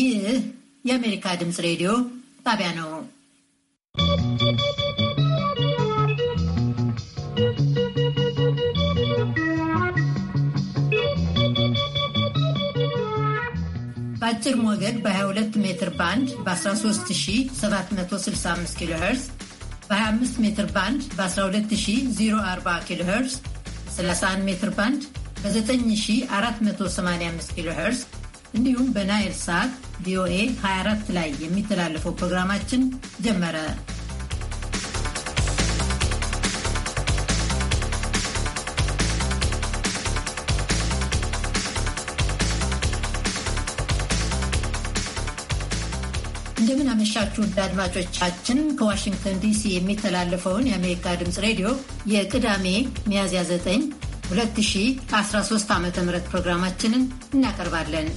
ይህ የአሜሪካ ድምፅ ሬዲዮ ጣቢያ ነው። በአጭር ሞገድ በ22 ሜትር ባንድ በ13765 ኪሎ ሄርስ በ25 ሜትር ባንድ በ12040 ኪሎ ሄርዝ 31 ሜትር ባንድ በ9485 ኪሎ ሄርስ እንዲሁም በናይል ሳት ቪኦኤ 24 ላይ የሚተላለፈው ፕሮግራማችን ጀመረ። አመሻችሁ ውድ አድማጮቻችን ከዋሽንግተን ዲሲ የሚተላለፈውን የአሜሪካ ድምፅ ሬዲዮ የቅዳሜ ሚያዝያ 9 2013 ዓ ም ፕሮግራማችንን እናቀርባለን።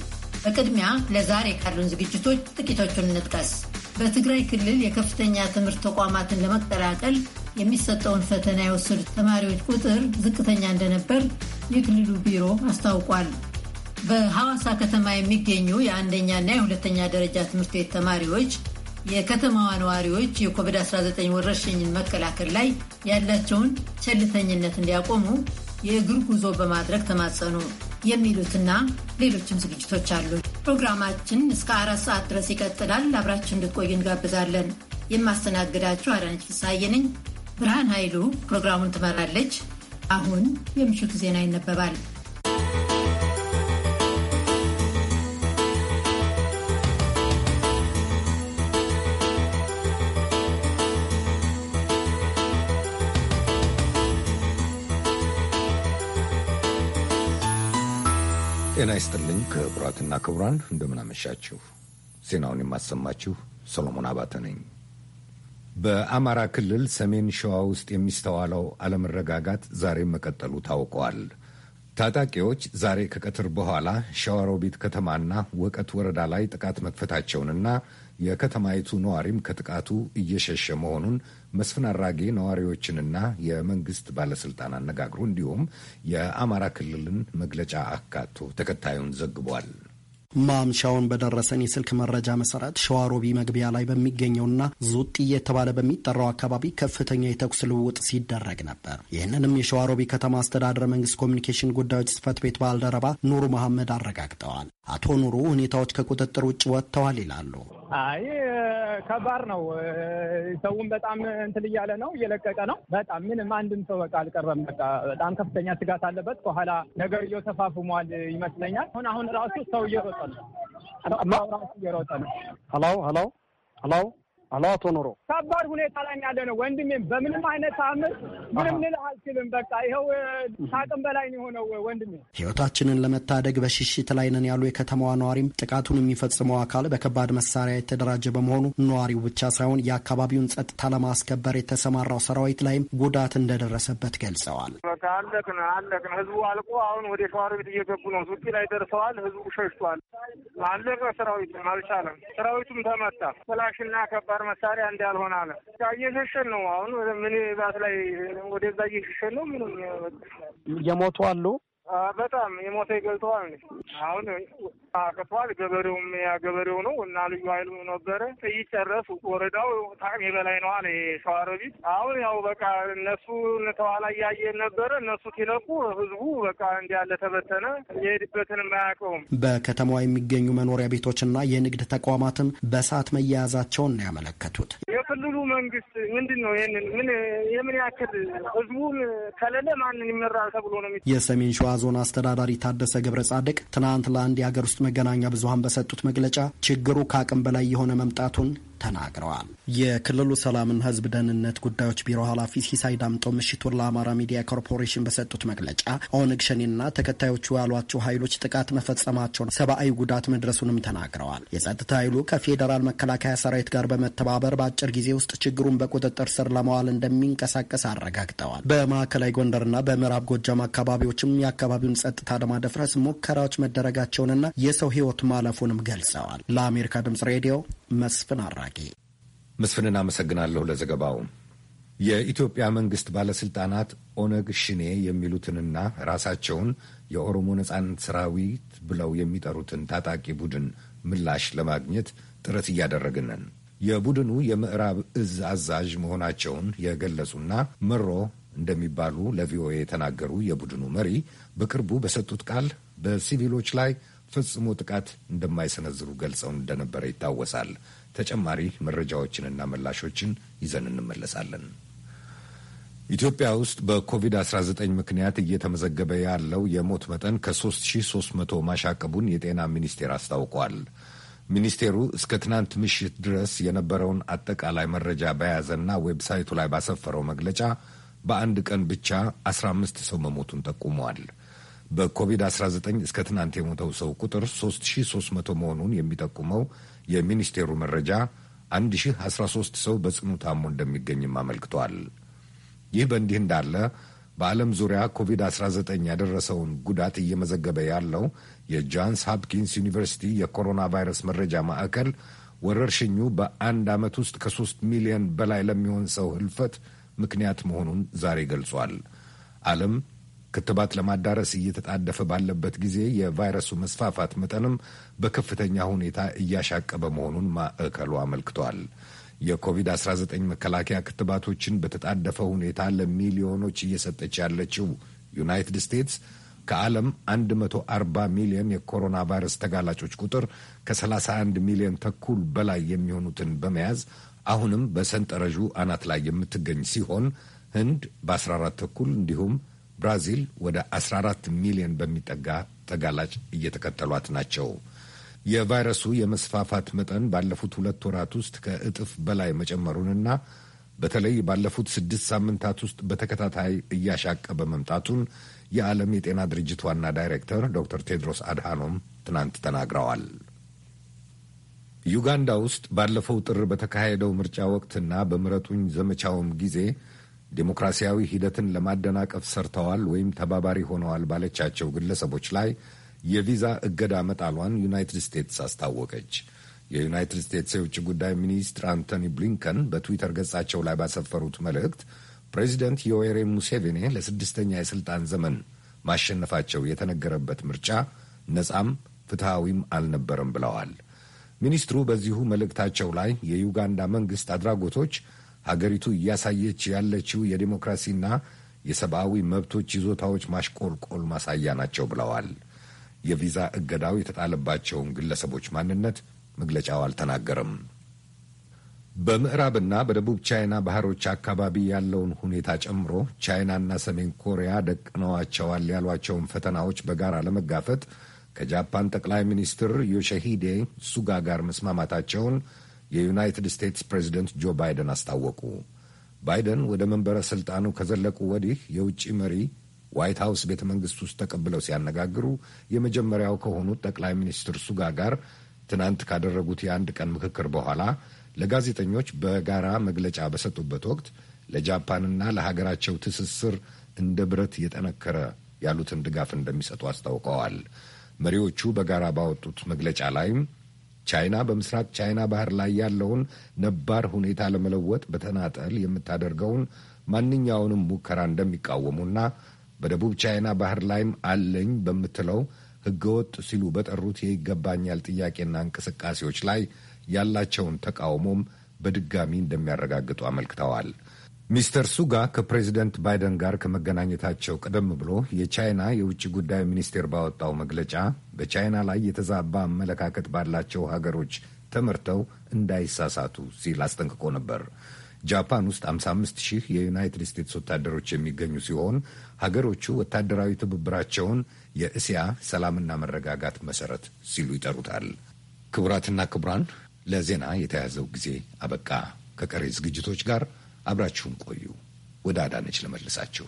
በቅድሚያ ለዛሬ ካሉን ዝግጅቶች ጥቂቶቹን እንጥቀስ። በትግራይ ክልል የከፍተኛ ትምህርት ተቋማትን ለመቀላቀል የሚሰጠውን ፈተና የወሰዱ ተማሪዎች ቁጥር ዝቅተኛ እንደነበር የክልሉ ቢሮ አስታውቋል። በሐዋሳ ከተማ የሚገኙ የአንደኛና የሁለተኛ ደረጃ ትምህርት ቤት ተማሪዎች የከተማዋ ነዋሪዎች የኮቪድ-19 ወረርሽኝን መከላከል ላይ ያላቸውን ቸልተኝነት እንዲያቆሙ የእግር ጉዞ በማድረግ ተማጸኑ የሚሉትና ሌሎችም ዝግጅቶች አሉ። ፕሮግራማችን እስከ አራት ሰዓት ድረስ ይቀጥላል። አብራችን እንድትቆይ እንጋብዛለን። የማስተናግዳችሁ አዳነች ፍስሐዬ ነኝ። ብርሃን ኃይሉ ፕሮግራሙን ትመራለች። አሁን የምሽቱ ዜና ይነበባል። ጤና ይስጥልኝ ክቡራትና ክቡራን፣ እንደምናመሻችሁ። ዜናውን የማሰማችሁ ሰሎሞን አባተ ነኝ። በአማራ ክልል ሰሜን ሸዋ ውስጥ የሚስተዋለው አለመረጋጋት ዛሬ መቀጠሉ ታውቋል። ታጣቂዎች ዛሬ ከቀትር በኋላ ሸዋሮቢት ከተማና ወቀት ወረዳ ላይ ጥቃት መክፈታቸውንና የከተማይቱ ነዋሪም ከጥቃቱ እየሸሸ መሆኑን መስፍን አራጌ ነዋሪዎችንና የመንግስት ባለስልጣን አነጋግሮ እንዲሁም የአማራ ክልልን መግለጫ አካቶ ተከታዩን ዘግቧል። ማምሻውን በደረሰን የስልክ መረጃ መሰረት ሸዋሮቢ መግቢያ ላይ በሚገኘውና ዙጥ እየተባለ በሚጠራው አካባቢ ከፍተኛ የተኩስ ልውውጥ ሲደረግ ነበር። ይህንንም የሸዋሮቢ ከተማ አስተዳደር መንግስት ኮሚኒኬሽን ጉዳዮች ጽህፈት ቤት ባልደረባ ኑሩ መሐመድ አረጋግጠዋል። አቶ ኑሩ ሁኔታዎች ከቁጥጥር ውጭ ወጥተዋል ይላሉ። አይ ከባድ ነው። ሰውን በጣም እንትን እያለ ነው እየለቀቀ ነው። በጣም ምንም አንድም ሰው በቃ አልቀረም። በቃ በጣም ከፍተኛ ስጋት አለበት። ከኋላ ነገር እየተፋፍሟል ይመስለኛል። አሁን አሁን ራሱ ሰው እየሮጠ ነው። ራሱ እየሮጠ ነው። ሀላው ሀላው ሀላው አቶ ኖሮ ከባድ ሁኔታ ላይ ያለ ነው ወንድሜም፣ በምንም አይነት ተአምር ምንም ልል አልችልም። በቃ ይኸው ሳቅም በላይ የሆነው ወንድሜ። ህይወታችንን ለመታደግ በሽሽት ላይ ነን ያሉ የከተማዋ ነዋሪም ጥቃቱን የሚፈጽመው አካል በከባድ መሳሪያ የተደራጀ በመሆኑ ነዋሪው ብቻ ሳይሆን የአካባቢውን ጸጥታ ለማስከበር የተሰማራው ሰራዊት ላይም ጉዳት እንደደረሰበት ገልጸዋል። በቃ አለቅን አለቅን፣ ህዝቡ አልቆ አሁን ወደ ሸዋሮ ቤት እየገቡ ነው። ሱቂ ላይ ደርሰዋል። ህዝቡ ሸሽቷል። አለቀ። ሰራዊትም አልቻለም። ሰራዊቱም ተመታ። ፍላሽና ከባድ ከባድ መሳሪያ እንዳልሆነ አለ። እየሸሸን ነው አሁን ምን ባት ላይ ወደዛ እየሸሸን ነው። ምንም የሞቱ አሉ በጣም የሞተ ይገልጠዋል እንዴ! አሁን አቅቷል። ገበሬውም ያ ገበሬው ነው እና ልዩ ኃይሉ ነበረ እይጨረሱ ወረዳው ጣም የበላይ ነው አለ አሁን ያው በቃ እነሱ ተኋላ እያየን ነበረ። እነሱ ሲለቁ ህዝቡ በቃ እንዲያለ ተበተነ። የሄድበትንም አያውቀውም። በከተማዋ የሚገኙ መኖሪያ ቤቶችና የንግድ ተቋማትን በሰዓት መያያዛቸውን ነው ያመለከቱት። የክልሉ መንግስት ምንድን ነው ይህንን ምን የምን ያክል ህዝቡን ከሌለ ማንን ይመራል ተብሎ ነው የሰሜን ሸዋ ዞን አስተዳዳሪ ታደሰ ገብረ ጻድቅ ትናንት ለአንድ የሀገር ውስጥ መገናኛ ብዙሀን በሰጡት መግለጫ ችግሩ ከአቅም በላይ የሆነ መምጣቱን ተናግረዋል። የክልሉ ሰላምና ሕዝብ ደህንነት ጉዳዮች ቢሮ ኃላፊ ሲሳይ ዳምጦ ምሽቱን ለአማራ ሚዲያ ኮርፖሬሽን በሰጡት መግለጫ ኦነግ ሸኔና ተከታዮቹ ያሏቸው ኃይሎች ጥቃት መፈጸማቸውን፣ ሰብአዊ ጉዳት መድረሱንም ተናግረዋል። የጸጥታ ኃይሉ ከፌዴራል መከላከያ ሰራዊት ጋር በመተባበር በአጭር ጊዜ ውስጥ ችግሩን በቁጥጥር ስር ለመዋል እንደሚንቀሳቀስ አረጋግጠዋል። በማዕከላዊ ጎንደርና በምዕራብ ጎጃም አካባቢዎችም የአካባቢውን ጸጥታ ለማደፍረስ ሙከራዎች መደረጋቸውንና የሰው ህይወት ማለፉንም ገልጸዋል። ለአሜሪካ ድምጽ ሬዲዮ መስፍን አራ ጥያቄ። መስፍንን አመሰግናለሁ ለዘገባው። የኢትዮጵያ መንግስት ባለስልጣናት ኦነግ ሽኔ የሚሉትንና ራሳቸውን የኦሮሞ ነጻነት ሰራዊት ብለው የሚጠሩትን ታጣቂ ቡድን ምላሽ ለማግኘት ጥረት እያደረግንን የቡድኑ የምዕራብ እዝ አዛዥ መሆናቸውን የገለጹና መሮ እንደሚባሉ ለቪኦኤ የተናገሩ የቡድኑ መሪ በቅርቡ በሰጡት ቃል በሲቪሎች ላይ ፈጽሞ ጥቃት እንደማይሰነዝሩ ገልጸው እንደነበረ ይታወሳል። ተጨማሪ መረጃዎችንና ምላሾችን ይዘን እንመለሳለን። ኢትዮጵያ ውስጥ በኮቪድ-19 ምክንያት እየተመዘገበ ያለው የሞት መጠን ከ3300 ማሻቀቡን የጤና ሚኒስቴር አስታውቋል። ሚኒስቴሩ እስከ ትናንት ምሽት ድረስ የነበረውን አጠቃላይ መረጃ በያዘና ዌብሳይቱ ላይ ባሰፈረው መግለጫ በአንድ ቀን ብቻ 15 ሰው መሞቱን ጠቁመዋል። በኮቪድ-19 እስከ ትናንት የሞተው ሰው ቁጥር 3300 መሆኑን የሚጠቁመው የሚኒስቴሩ መረጃ 1013 ሰው በጽኑ ታሞ እንደሚገኝም አመልክቷል። ይህ በእንዲህ እንዳለ በዓለም ዙሪያ ኮቪድ-19 ያደረሰውን ጉዳት እየመዘገበ ያለው የጃንስ ሃፕኪንስ ዩኒቨርሲቲ የኮሮና ቫይረስ መረጃ ማዕከል ወረርሽኙ በአንድ ዓመት ውስጥ ከሶስት ሚሊዮን በላይ ለሚሆን ሰው ህልፈት ምክንያት መሆኑን ዛሬ ገልጿል። ዓለም ክትባት ለማዳረስ እየተጣደፈ ባለበት ጊዜ የቫይረሱ መስፋፋት መጠንም በከፍተኛ ሁኔታ እያሻቀበ መሆኑን ማዕከሉ አመልክቷል። የኮቪድ-19 መከላከያ ክትባቶችን በተጣደፈ ሁኔታ ለሚሊዮኖች እየሰጠች ያለችው ዩናይትድ ስቴትስ ከዓለም 140 ሚሊዮን የኮሮና ቫይረስ ተጋላጮች ቁጥር ከ31 ሚሊዮን ተኩል በላይ የሚሆኑትን በመያዝ አሁንም በሰንጠረዡ አናት ላይ የምትገኝ ሲሆን ህንድ በ14 ተኩል እንዲሁም ብራዚል ወደ 14 ሚሊዮን በሚጠጋ ተጋላጭ እየተከተሏት ናቸው። የቫይረሱ የመስፋፋት መጠን ባለፉት ሁለት ወራት ውስጥ ከእጥፍ በላይ መጨመሩንና በተለይ ባለፉት ስድስት ሳምንታት ውስጥ በተከታታይ እያሻቀበ መምጣቱን የዓለም የጤና ድርጅት ዋና ዳይሬክተር ዶክተር ቴድሮስ አድሃኖም ትናንት ተናግረዋል። ዩጋንዳ ውስጥ ባለፈው ጥር በተካሄደው ምርጫ ወቅትና በምረጡኝ ዘመቻውም ጊዜ ዴሞክራሲያዊ ሂደትን ለማደናቀፍ ሰርተዋል ወይም ተባባሪ ሆነዋል ባለቻቸው ግለሰቦች ላይ የቪዛ እገዳ መጣሏን ዩናይትድ ስቴትስ አስታወቀች። የዩናይትድ ስቴትስ የውጭ ጉዳይ ሚኒስትር አንቶኒ ብሊንከን በትዊተር ገጻቸው ላይ ባሰፈሩት መልእክት ፕሬዚደንት ዮዌሪ ሙሴቬኒ ለስድስተኛ የስልጣን ዘመን ማሸነፋቸው የተነገረበት ምርጫ ነጻም ፍትሐዊም አልነበረም ብለዋል። ሚኒስትሩ በዚሁ መልእክታቸው ላይ የዩጋንዳ መንግስት አድራጎቶች ሀገሪቱ እያሳየች ያለችው የዴሞክራሲና የሰብአዊ መብቶች ይዞታዎች ማሽቆልቆል ማሳያ ናቸው ብለዋል። የቪዛ እገዳው የተጣለባቸውን ግለሰቦች ማንነት መግለጫው አልተናገረም። በምዕራብና በደቡብ ቻይና ባህሮች አካባቢ ያለውን ሁኔታ ጨምሮ ቻይናና ሰሜን ኮሪያ ደቅነዋቸዋል ያሏቸውን ፈተናዎች በጋራ ለመጋፈጥ ከጃፓን ጠቅላይ ሚኒስትር ዮሺሂዴ ሱጋ ጋር መስማማታቸውን የዩናይትድ ስቴትስ ፕሬዚደንት ጆ ባይደን አስታወቁ። ባይደን ወደ መንበረ ሥልጣኑ ከዘለቁ ወዲህ የውጭ መሪ ዋይት ሀውስ ቤተ መንግሥት ውስጥ ተቀብለው ሲያነጋግሩ የመጀመሪያው ከሆኑት ጠቅላይ ሚኒስትር ሱጋ ጋር ትናንት ካደረጉት የአንድ ቀን ምክክር በኋላ ለጋዜጠኞች በጋራ መግለጫ በሰጡበት ወቅት ለጃፓንና ለሀገራቸው ትስስር እንደ ብረት የጠነከረ ያሉትን ድጋፍ እንደሚሰጡ አስታውቀዋል። መሪዎቹ በጋራ ባወጡት መግለጫ ላይም ቻይና በምስራቅ ቻይና ባህር ላይ ያለውን ነባር ሁኔታ ለመለወጥ በተናጠል የምታደርገውን ማንኛውንም ሙከራ እንደሚቃወሙና በደቡብ ቻይና ባህር ላይም አለኝ በምትለው ህገወጥ ሲሉ በጠሩት የይገባኛል ጥያቄና እንቅስቃሴዎች ላይ ያላቸውን ተቃውሞም በድጋሚ እንደሚያረጋግጡ አመልክተዋል። ሚስተር ሱጋ ከፕሬዚደንት ባይደን ጋር ከመገናኘታቸው ቀደም ብሎ የቻይና የውጭ ጉዳይ ሚኒስቴር ባወጣው መግለጫ በቻይና ላይ የተዛባ አመለካከት ባላቸው ሀገሮች ተመርተው እንዳይሳሳቱ ሲል አስጠንቅቆ ነበር። ጃፓን ውስጥ 55 ሺህ የዩናይትድ ስቴትስ ወታደሮች የሚገኙ ሲሆን ሀገሮቹ ወታደራዊ ትብብራቸውን የእስያ ሰላምና መረጋጋት መሰረት ሲሉ ይጠሩታል። ክቡራትና ክቡራን፣ ለዜና የተያዘው ጊዜ አበቃ። ከቀሪ ዝግጅቶች ጋር አብራችሁን ቆዩ። ወደ አዳነች ለመልሳችሁ።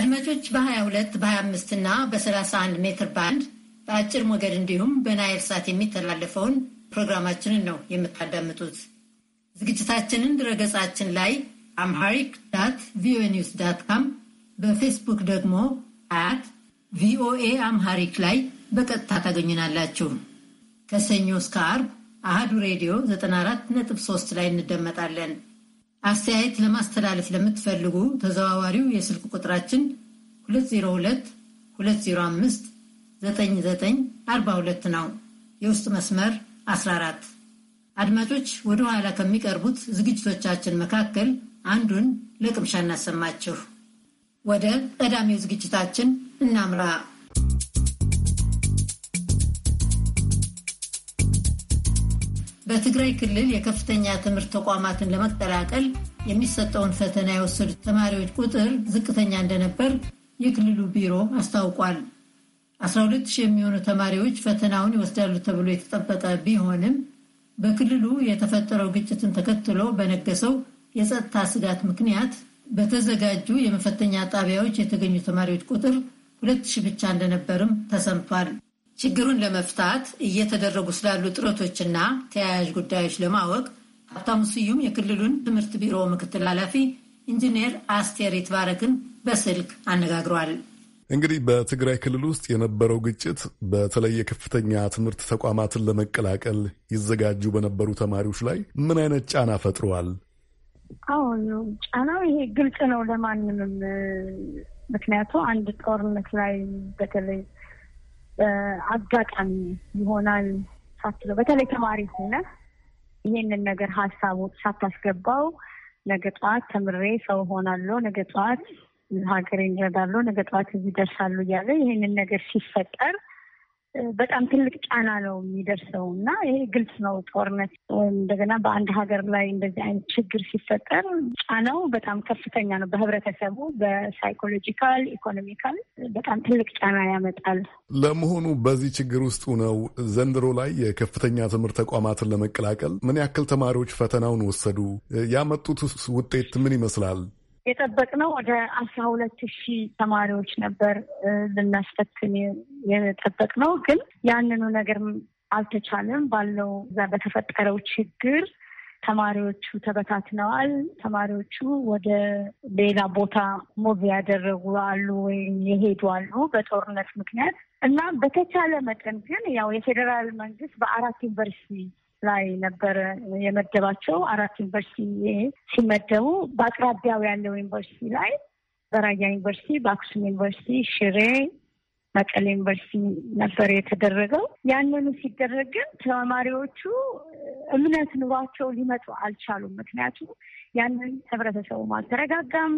አድማጮች በ22 በ25 እና በ31 ሜትር ባንድ በአጭር ሞገድ እንዲሁም በናይል ሳት የሚተላለፈውን ፕሮግራማችንን ነው የምታዳምጡት። ዝግጅታችንን ድረገጻችን ላይ አምሃሪክ ዳት ቪኦኤ ኒውስ ዳት ካም በፌስቡክ ደግሞ አት ቪኦኤ አምሃሪክ ላይ በቀጥታ ታገኙናላችሁ። ከሰኞ እስከ አርብ አሃዱ ሬዲዮ 94.3 ላይ እንደመጣለን። አስተያየት ለማስተላለፍ ለምትፈልጉ ተዘዋዋሪው የስልክ ቁጥራችን 2022059942 ነው። የውስጥ መስመር 14 አድማጮች ወደ ኋላ ከሚቀርቡት ዝግጅቶቻችን መካከል አንዱን ለቅምሻ እናሰማችሁ። ወደ ቀዳሚው ዝግጅታችን እናምራ። በትግራይ ክልል የከፍተኛ ትምህርት ተቋማትን ለመቀላቀል የሚሰጠውን ፈተና የወሰዱት ተማሪዎች ቁጥር ዝቅተኛ እንደነበር የክልሉ ቢሮ አስታውቋል። 12 ሺህ የሚሆኑ ተማሪዎች ፈተናውን ይወስዳሉ ተብሎ የተጠበቀ ቢሆንም በክልሉ የተፈጠረው ግጭትን ተከትሎ በነገሰው የጸጥታ ስጋት ምክንያት በተዘጋጁ የመፈተኛ ጣቢያዎች የተገኙ ተማሪዎች ቁጥር ሁለት ሺህ ብቻ እንደነበርም ተሰምቷል። ችግሩን ለመፍታት እየተደረጉ ስላሉ ጥረቶችና ተያያዥ ጉዳዮች ለማወቅ ሀብታሙ ስዩም የክልሉን ትምህርት ቢሮ ምክትል ኃላፊ ኢንጂነር አስቴር ይትባረክን በስልክ አነጋግሯል። እንግዲህ በትግራይ ክልል ውስጥ የነበረው ግጭት በተለይ የከፍተኛ ትምህርት ተቋማትን ለመቀላቀል ይዘጋጁ በነበሩ ተማሪዎች ላይ ምን አይነት ጫና ፈጥረዋል? አዎ ጫናው ይሄ ግልጽ ነው ለማንምም። ምክንያቱ አንድ ጦርነት ላይ በተለይ አጋጣሚ ይሆናል ሳትለው በተለይ ተማሪ ሆነ ይሄንን ነገር ሀሳቡ ሳታስገባው ነገ ጠዋት ተምሬ ሰው ሆናለሁ ነገ ጠዋት ሀገሬን ይረዳሉ፣ ነገ ጠዋት እዚህ ይደርሳሉ እያለ ይህንን ነገር ሲፈጠር በጣም ትልቅ ጫና ነው የሚደርሰው እና ይሄ ግልጽ ነው። ጦርነት ወይም እንደገና በአንድ ሀገር ላይ እንደዚህ አይነት ችግር ሲፈጠር ጫናው በጣም ከፍተኛ ነው። በህብረተሰቡ፣ በሳይኮሎጂካል፣ ኢኮኖሚካል በጣም ትልቅ ጫና ያመጣል። ለመሆኑ በዚህ ችግር ውስጥ ነው ዘንድሮ ላይ የከፍተኛ ትምህርት ተቋማትን ለመቀላቀል ምን ያክል ተማሪዎች ፈተናውን ወሰዱ? ያመጡት ውጤት ምን ይመስላል? የጠበቅነው ወደ አስራ ሁለት ሺህ ተማሪዎች ነበር ልናስፈትን የጠበቅነው ግን ያንኑ ነገር አልተቻለም። ባለው እዛ በተፈጠረው ችግር ተማሪዎቹ ተበታትነዋል። ተማሪዎቹ ወደ ሌላ ቦታ ሞቭ ያደረጉ አሉ ወይም የሄዱ አሉ በጦርነት ምክንያት እና በተቻለ መጠን ግን ያው የፌዴራል መንግስት በአራት ዩኒቨርሲቲ ላይ ነበረ የመደባቸው። አራት ዩኒቨርሲቲ ሲመደቡ በአቅራቢያው ያለው ዩኒቨርሲቲ ላይ በራያ ዩኒቨርሲቲ፣ በአክሱም ዩኒቨርሲቲ፣ ሽሬ፣ መቀሌ ዩኒቨርሲቲ ነበር የተደረገው። ያንኑ ሲደረግ ግን ተማሪዎቹ እምነት ኑሯቸው ሊመጡ አልቻሉም። ምክንያቱም ያንን ህብረተሰቡም አልተረጋጋም፣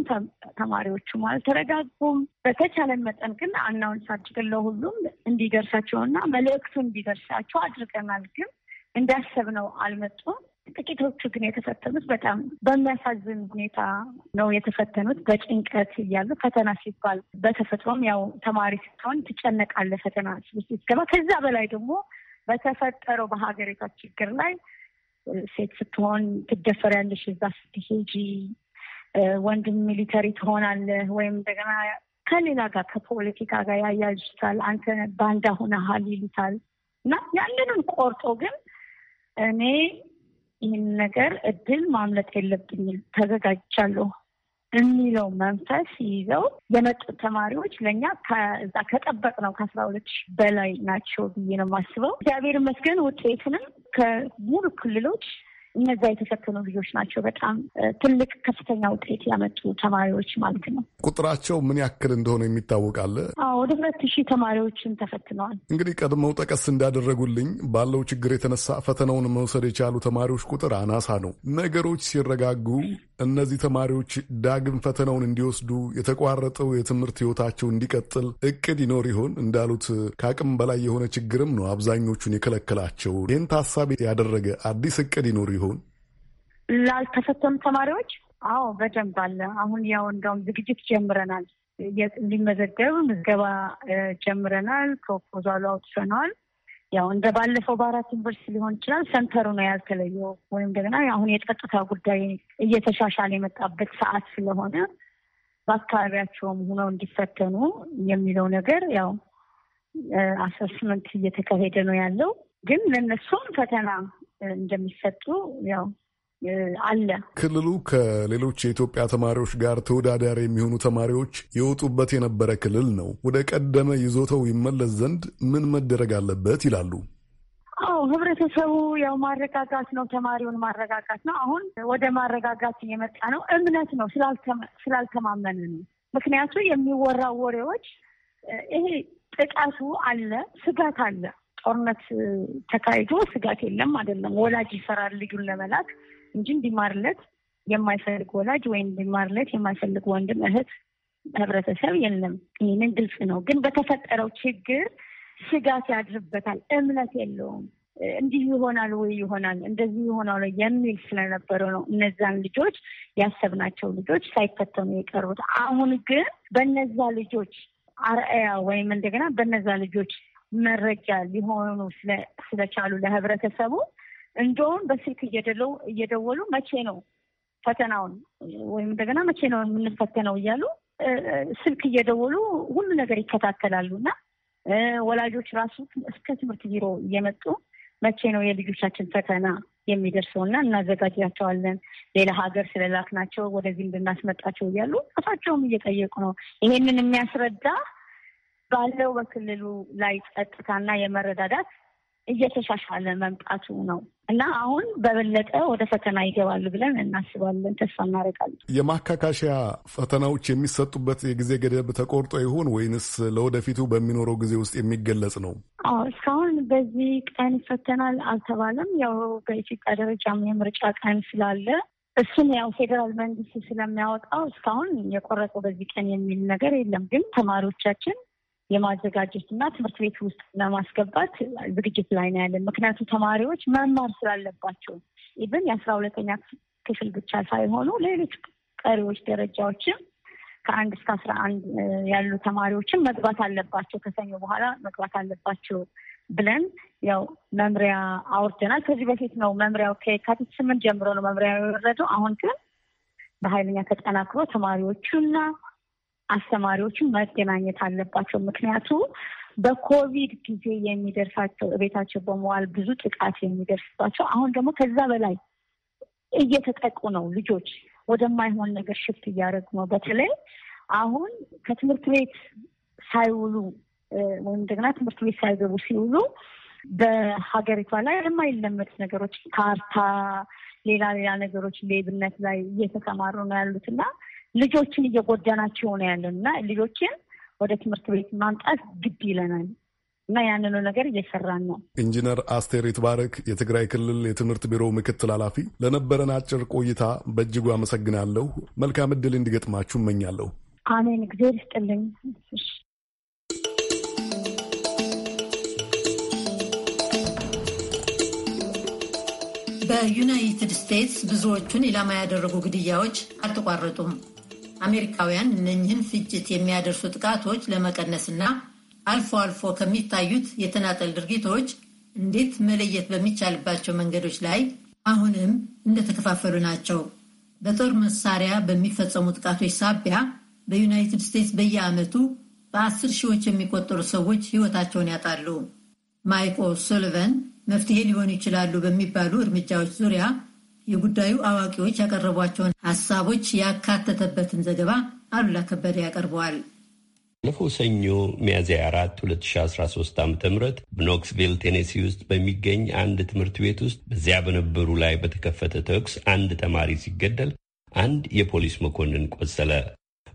ተማሪዎቹም አልተረጋጉም። በተቻለን መጠን ግን አናውንስ አድርገን ለሁሉም እንዲደርሳቸውና መልእክቱ እንዲደርሳቸው አድርገናል። ግን እንዳሰብነው አልመጡም። ጥቂቶቹ ግን የተፈተኑት በጣም በሚያሳዝን ሁኔታ ነው የተፈተኑት። በጭንቀት እያሉ ፈተና ሲባል በተፈጥሮም ያው ተማሪ ስትሆን ትጨነቃለህ። ፈተና ውስጥ ስትገባ ከዛ በላይ ደግሞ በተፈጠረው በሀገሪቷ ችግር ላይ ሴት ስትሆን ትደፈሪያለሽ፣ እዛ ስትሄጂ ወንድም ሚሊተሪ ትሆናለህ፣ ወይም እንደገና ከሌላ ጋር ከፖለቲካ ጋር ያያይዙታል። አንተ ባንዳ ሁነሃል ይሉታል እና ያንንም ቆርጦ ግን እኔ ይህን ነገር እድል ማምለጥ የለብኝም ተዘጋጅቻለሁ የሚለው መንፈስ ይዘው የመጡት ተማሪዎች ለእኛ ከዛ ከጠበቅ ነው ከአስራ ሁለት ሺህ በላይ ናቸው ብዬ ነው የማስበው። እግዚአብሔር ይመስገን ውጤቱንም ከሙሉ ክልሎች እነዛ የተፈተኑ ልጆች ናቸው በጣም ትልቅ ከፍተኛ ውጤት ያመጡ ተማሪዎች ማለት ነው። ቁጥራቸው ምን ያክል እንደሆነ የሚታወቃለ? ወደ ሁለት ሺህ ተማሪዎችን ተፈትነዋል። እንግዲህ ቀድመው ጠቀስ እንዳደረጉልኝ ባለው ችግር የተነሳ ፈተናውን መውሰድ የቻሉ ተማሪዎች ቁጥር አናሳ ነው። ነገሮች ሲረጋጉ እነዚህ ተማሪዎች ዳግም ፈተናውን እንዲወስዱ የተቋረጠው የትምህርት ህይወታቸው እንዲቀጥል እቅድ ይኖር ይሆን? እንዳሉት ከአቅም በላይ የሆነ ችግርም ነው አብዛኞቹን የከለከላቸው። ይህን ታሳቢ ያደረገ አዲስ እቅድ ይኖር ይሁን? ላልተፈተኑ ተማሪዎች አዎ፣ በደንብ አለ። አሁን ያው እንደውም ዝግጅት ጀምረናል። እንዲመዘገብ ምዝገባ ጀምረናል። ፕሮፖዛሉ አውጥተነዋል። ያው እንደ ባለፈው በአራት ዩኒቨርሲቲ ሊሆን ይችላል። ሰንተሩ ነው ያልተለየው። ወይም ደግና አሁን የጸጥታ ጉዳይ እየተሻሻለ የመጣበት ሰዓት ስለሆነ በአካባቢያቸውም ሆነው እንዲፈተኑ የሚለው ነገር ያው አሰስመንት እየተካሄደ ነው ያለው። ግን ለእነሱም ፈተና እንደሚሰጡ ያው አለ። ክልሉ ከሌሎች የኢትዮጵያ ተማሪዎች ጋር ተወዳዳሪ የሚሆኑ ተማሪዎች የወጡበት የነበረ ክልል ነው። ወደ ቀደመ ይዞታው ይመለስ ዘንድ ምን መደረግ አለበት ይላሉ? አዎ ህብረተሰቡ ያው ማረጋጋት ነው፣ ተማሪውን ማረጋጋት ነው። አሁን ወደ ማረጋጋት እየመጣ ነው። እምነት ነው ስላልተማመን ነው። ምክንያቱ የሚወራው ወሬዎች ይሄ ጥቃቱ አለ፣ ስጋት አለ ጦርነት ተካሂዶ ስጋት የለም አይደለም። ወላጅ ይሰራል ልጁን ለመላክ እንጂ እንዲማርለት የማይፈልግ ወላጅ ወይም እንዲማርለት የማይፈልግ ወንድም እህት፣ ህብረተሰብ የለም። ይህንን ግልጽ ነው። ግን በተፈጠረው ችግር ስጋት ያድርበታል። እምነት የለውም። እንዲህ ይሆናል ወይ ይሆናል እንደዚህ ይሆናል የሚል ስለነበረ ነው እነዛን ልጆች ያሰብናቸው ልጆች ሳይፈተኑ የቀሩት። አሁን ግን በነዛ ልጆች አርአያ ወይም እንደገና በነዛ ልጆች መረጃ ሊሆኑ ስለቻሉ ለህብረተሰቡ እንደውም በስልክ እየደወሉ መቼ ነው ፈተናውን ወይም እንደገና መቼ ነው የምንፈተነው እያሉ ስልክ እየደወሉ ሁሉ ነገር ይከታተላሉ እና ወላጆች ራሱ እስከ ትምህርት ቢሮ እየመጡ መቼ ነው የልጆቻችን ፈተና የሚደርሰው እና እናዘጋጃቸዋለን፣ ሌላ ሀገር ስለላክናቸው ወደዚህ እንድናስመጣቸው እያሉ እራሳቸውም እየጠየቁ ነው። ይሄንን የሚያስረዳ ባለው በክልሉ ላይ ጸጥታና የመረዳዳት እየተሻሻለ መምጣቱ ነው እና አሁን በበለጠ ወደ ፈተና ይገባሉ ብለን እናስባለን፣ ተስፋ እናደርጋለን። የማካካሻ ፈተናዎች የሚሰጡበት የጊዜ ገደብ ተቆርጦ ይሆን ወይንስ ለወደፊቱ በሚኖረው ጊዜ ውስጥ የሚገለጽ ነው? አዎ እስካሁን በዚህ ቀን ይፈተናል አልተባለም። ያው በኢትዮጵያ ደረጃም የምርጫ ቀን ስላለ እሱን ያው ፌዴራል መንግስት ስለሚያወጣው እስካሁን የቆረጠው በዚህ ቀን የሚል ነገር የለም። ግን ተማሪዎቻችን የማዘጋጀት እና ትምህርት ቤት ውስጥ ለማስገባት ዝግጅት ላይ ነው ያለን። ምክንያቱም ተማሪዎች መማር ስላለባቸው ኢብን የአስራ ሁለተኛ ክፍል ብቻ ሳይሆኑ ሌሎች ቀሪዎች ደረጃዎችም ከአንድ እስከ አስራ አንድ ያሉ ተማሪዎችን መግባት አለባቸው፣ ከሰኞ በኋላ መግባት አለባቸው ብለን ያው መምሪያ አውርደናል። ከዚህ በፊት ነው መምሪያው ከየካቲት ስምንት ጀምሮ ነው መምሪያ የወረደው። አሁን ግን በኃይለኛ ተጠናክሮ ተማሪዎቹና አስተማሪዎቹ መፍትሄ ማግኘት አለባቸው። ምክንያቱ በኮቪድ ጊዜ የሚደርሳቸው ቤታቸው በመዋል ብዙ ጥቃት የሚደርስባቸው አሁን ደግሞ ከዛ በላይ እየተጠቁ ነው። ልጆች ወደማይሆን ነገር ሽፍት እያደረጉ ነው። በተለይ አሁን ከትምህርት ቤት ሳይውሉ ወይም እንደገና ትምህርት ቤት ሳይገቡ ሲውሉ በሀገሪቷ ላይ የማይለመድ ነገሮች፣ ካርታ፣ ሌላ ሌላ ነገሮች፣ ሌብነት ላይ እየተሰማሩ ነው ያሉት እና ልጆችን እየጎዳናቸው ነው ያለን እና ልጆችን ወደ ትምህርት ቤት ማምጣት ግድ ይለናል እና ያንኑ ነገር እየሰራን ነው። ኢንጂነር አስቴር ይትባረክ የትግራይ ክልል የትምህርት ቢሮ ምክትል ኃላፊ፣ ለነበረን አጭር ቆይታ በእጅጉ አመሰግናለሁ። መልካም እድል እንዲገጥማችሁ እመኛለሁ። አሜን። እግዜር ይስጥልኝ። በዩናይትድ ስቴትስ ብዙዎቹን ኢላማ ያደረጉ ግድያዎች አልተቋረጡም። አሜሪካውያን እነኝህን ፍጅት የሚያደርሱ ጥቃቶች ለመቀነስና አልፎ አልፎ ከሚታዩት የተናጠል ድርጊቶች እንዴት መለየት በሚቻልባቸው መንገዶች ላይ አሁንም እንደተከፋፈሉ ናቸው። በጦር መሳሪያ በሚፈጸሙ ጥቃቶች ሳቢያ በዩናይትድ ስቴትስ በየዓመቱ በአስር ሺዎች የሚቆጠሩ ሰዎች ሕይወታቸውን ያጣሉ። ማይክ ኦ'ሱሊቨን መፍትሄ ሊሆኑ ይችላሉ በሚባሉ እርምጃዎች ዙሪያ የጉዳዩ አዋቂዎች ያቀረቧቸውን ሀሳቦች ያካተተበትን ዘገባ አሉላ ከበደ ያቀርበዋል። ባለፈው ሰኞ ሚያዝያ 4 2013 ዓ ም በኖክስቪል ቴኔሲ ውስጥ በሚገኝ አንድ ትምህርት ቤት ውስጥ በዚያ በነበሩ ላይ በተከፈተ ተኩስ አንድ ተማሪ ሲገደል አንድ የፖሊስ መኮንን ቆሰለ።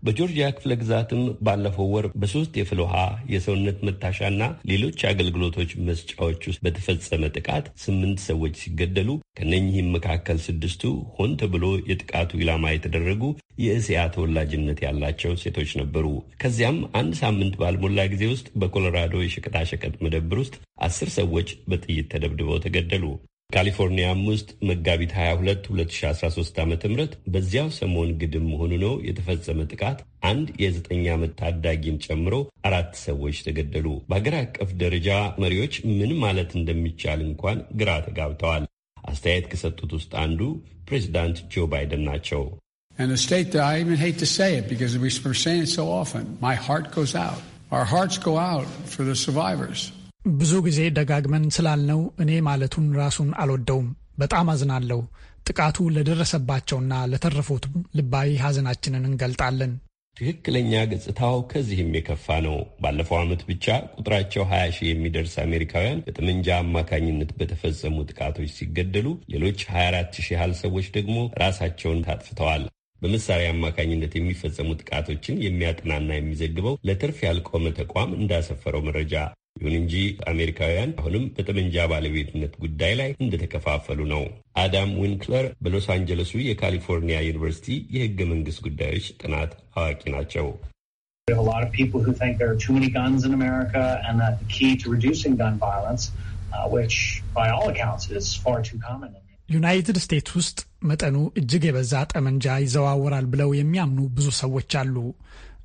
በጆርጂያ ክፍለ ግዛትም ባለፈው ወር በሶስት የፍል ውሃ የሰውነት መታሻና ሌሎች አገልግሎቶች መስጫዎች ውስጥ በተፈጸመ ጥቃት ስምንት ሰዎች ሲገደሉ ከነኚህም መካከል ስድስቱ ሆን ተብሎ የጥቃቱ ኢላማ የተደረጉ የእስያ ተወላጅነት ያላቸው ሴቶች ነበሩ። ከዚያም አንድ ሳምንት ባልሞላ ጊዜ ውስጥ በኮሎራዶ የሸቀጣሸቀጥ መደብር ውስጥ አስር ሰዎች በጥይት ተደብድበው ተገደሉ። ካሊፎርኒያም ውስጥ መጋቢት 22 2013 ዓ ም በዚያው ሰሞን ግድም መሆኑ ነው የተፈጸመ ጥቃት አንድ የዘጠኝ ዓመት ታዳጊን ጨምሮ አራት ሰዎች ተገደሉ። በሀገር አቀፍ ደረጃ መሪዎች ምን ማለት እንደሚቻል እንኳን ግራ ተጋብተዋል። አስተያየት ከሰጡት ውስጥ አንዱ ፕሬዚዳንት ጆ ባይደን ናቸው። ብዙ ጊዜ ደጋግመን ስላልነው እኔ ማለቱን ራሱን አልወደውም። በጣም አዝናለሁ። ጥቃቱ ለደረሰባቸውና ለተረፉትም ልባዊ ሐዘናችንን እንገልጣለን። ትክክለኛ ገጽታው ከዚህም የከፋ ነው። ባለፈው ዓመት ብቻ ቁጥራቸው 20 ሺህ የሚደርስ አሜሪካውያን በጠመንጃ አማካኝነት በተፈጸሙ ጥቃቶች ሲገደሉ ሌሎች 24 ሺህ ያህል ሰዎች ደግሞ ራሳቸውን ታጥፍተዋል። በመሳሪያ አማካኝነት የሚፈጸሙ ጥቃቶችን የሚያጥናና የሚዘግበው ለትርፍ ያልቆመ ተቋም እንዳሰፈረው መረጃ ይሁን እንጂ አሜሪካውያን አሁንም በጠመንጃ ባለቤትነት ጉዳይ ላይ እንደተከፋፈሉ ነው። አዳም ዊንክለር በሎስ አንጀለሱ የካሊፎርኒያ ዩኒቨርሲቲ የህገ መንግስት ጉዳዮች ጥናት አዋቂ ናቸው። ዩናይትድ ስቴትስ uh, ውስጥ መጠኑ እጅግ የበዛ ጠመንጃ ይዘዋወራል ብለው የሚያምኑ ብዙ ሰዎች አሉ።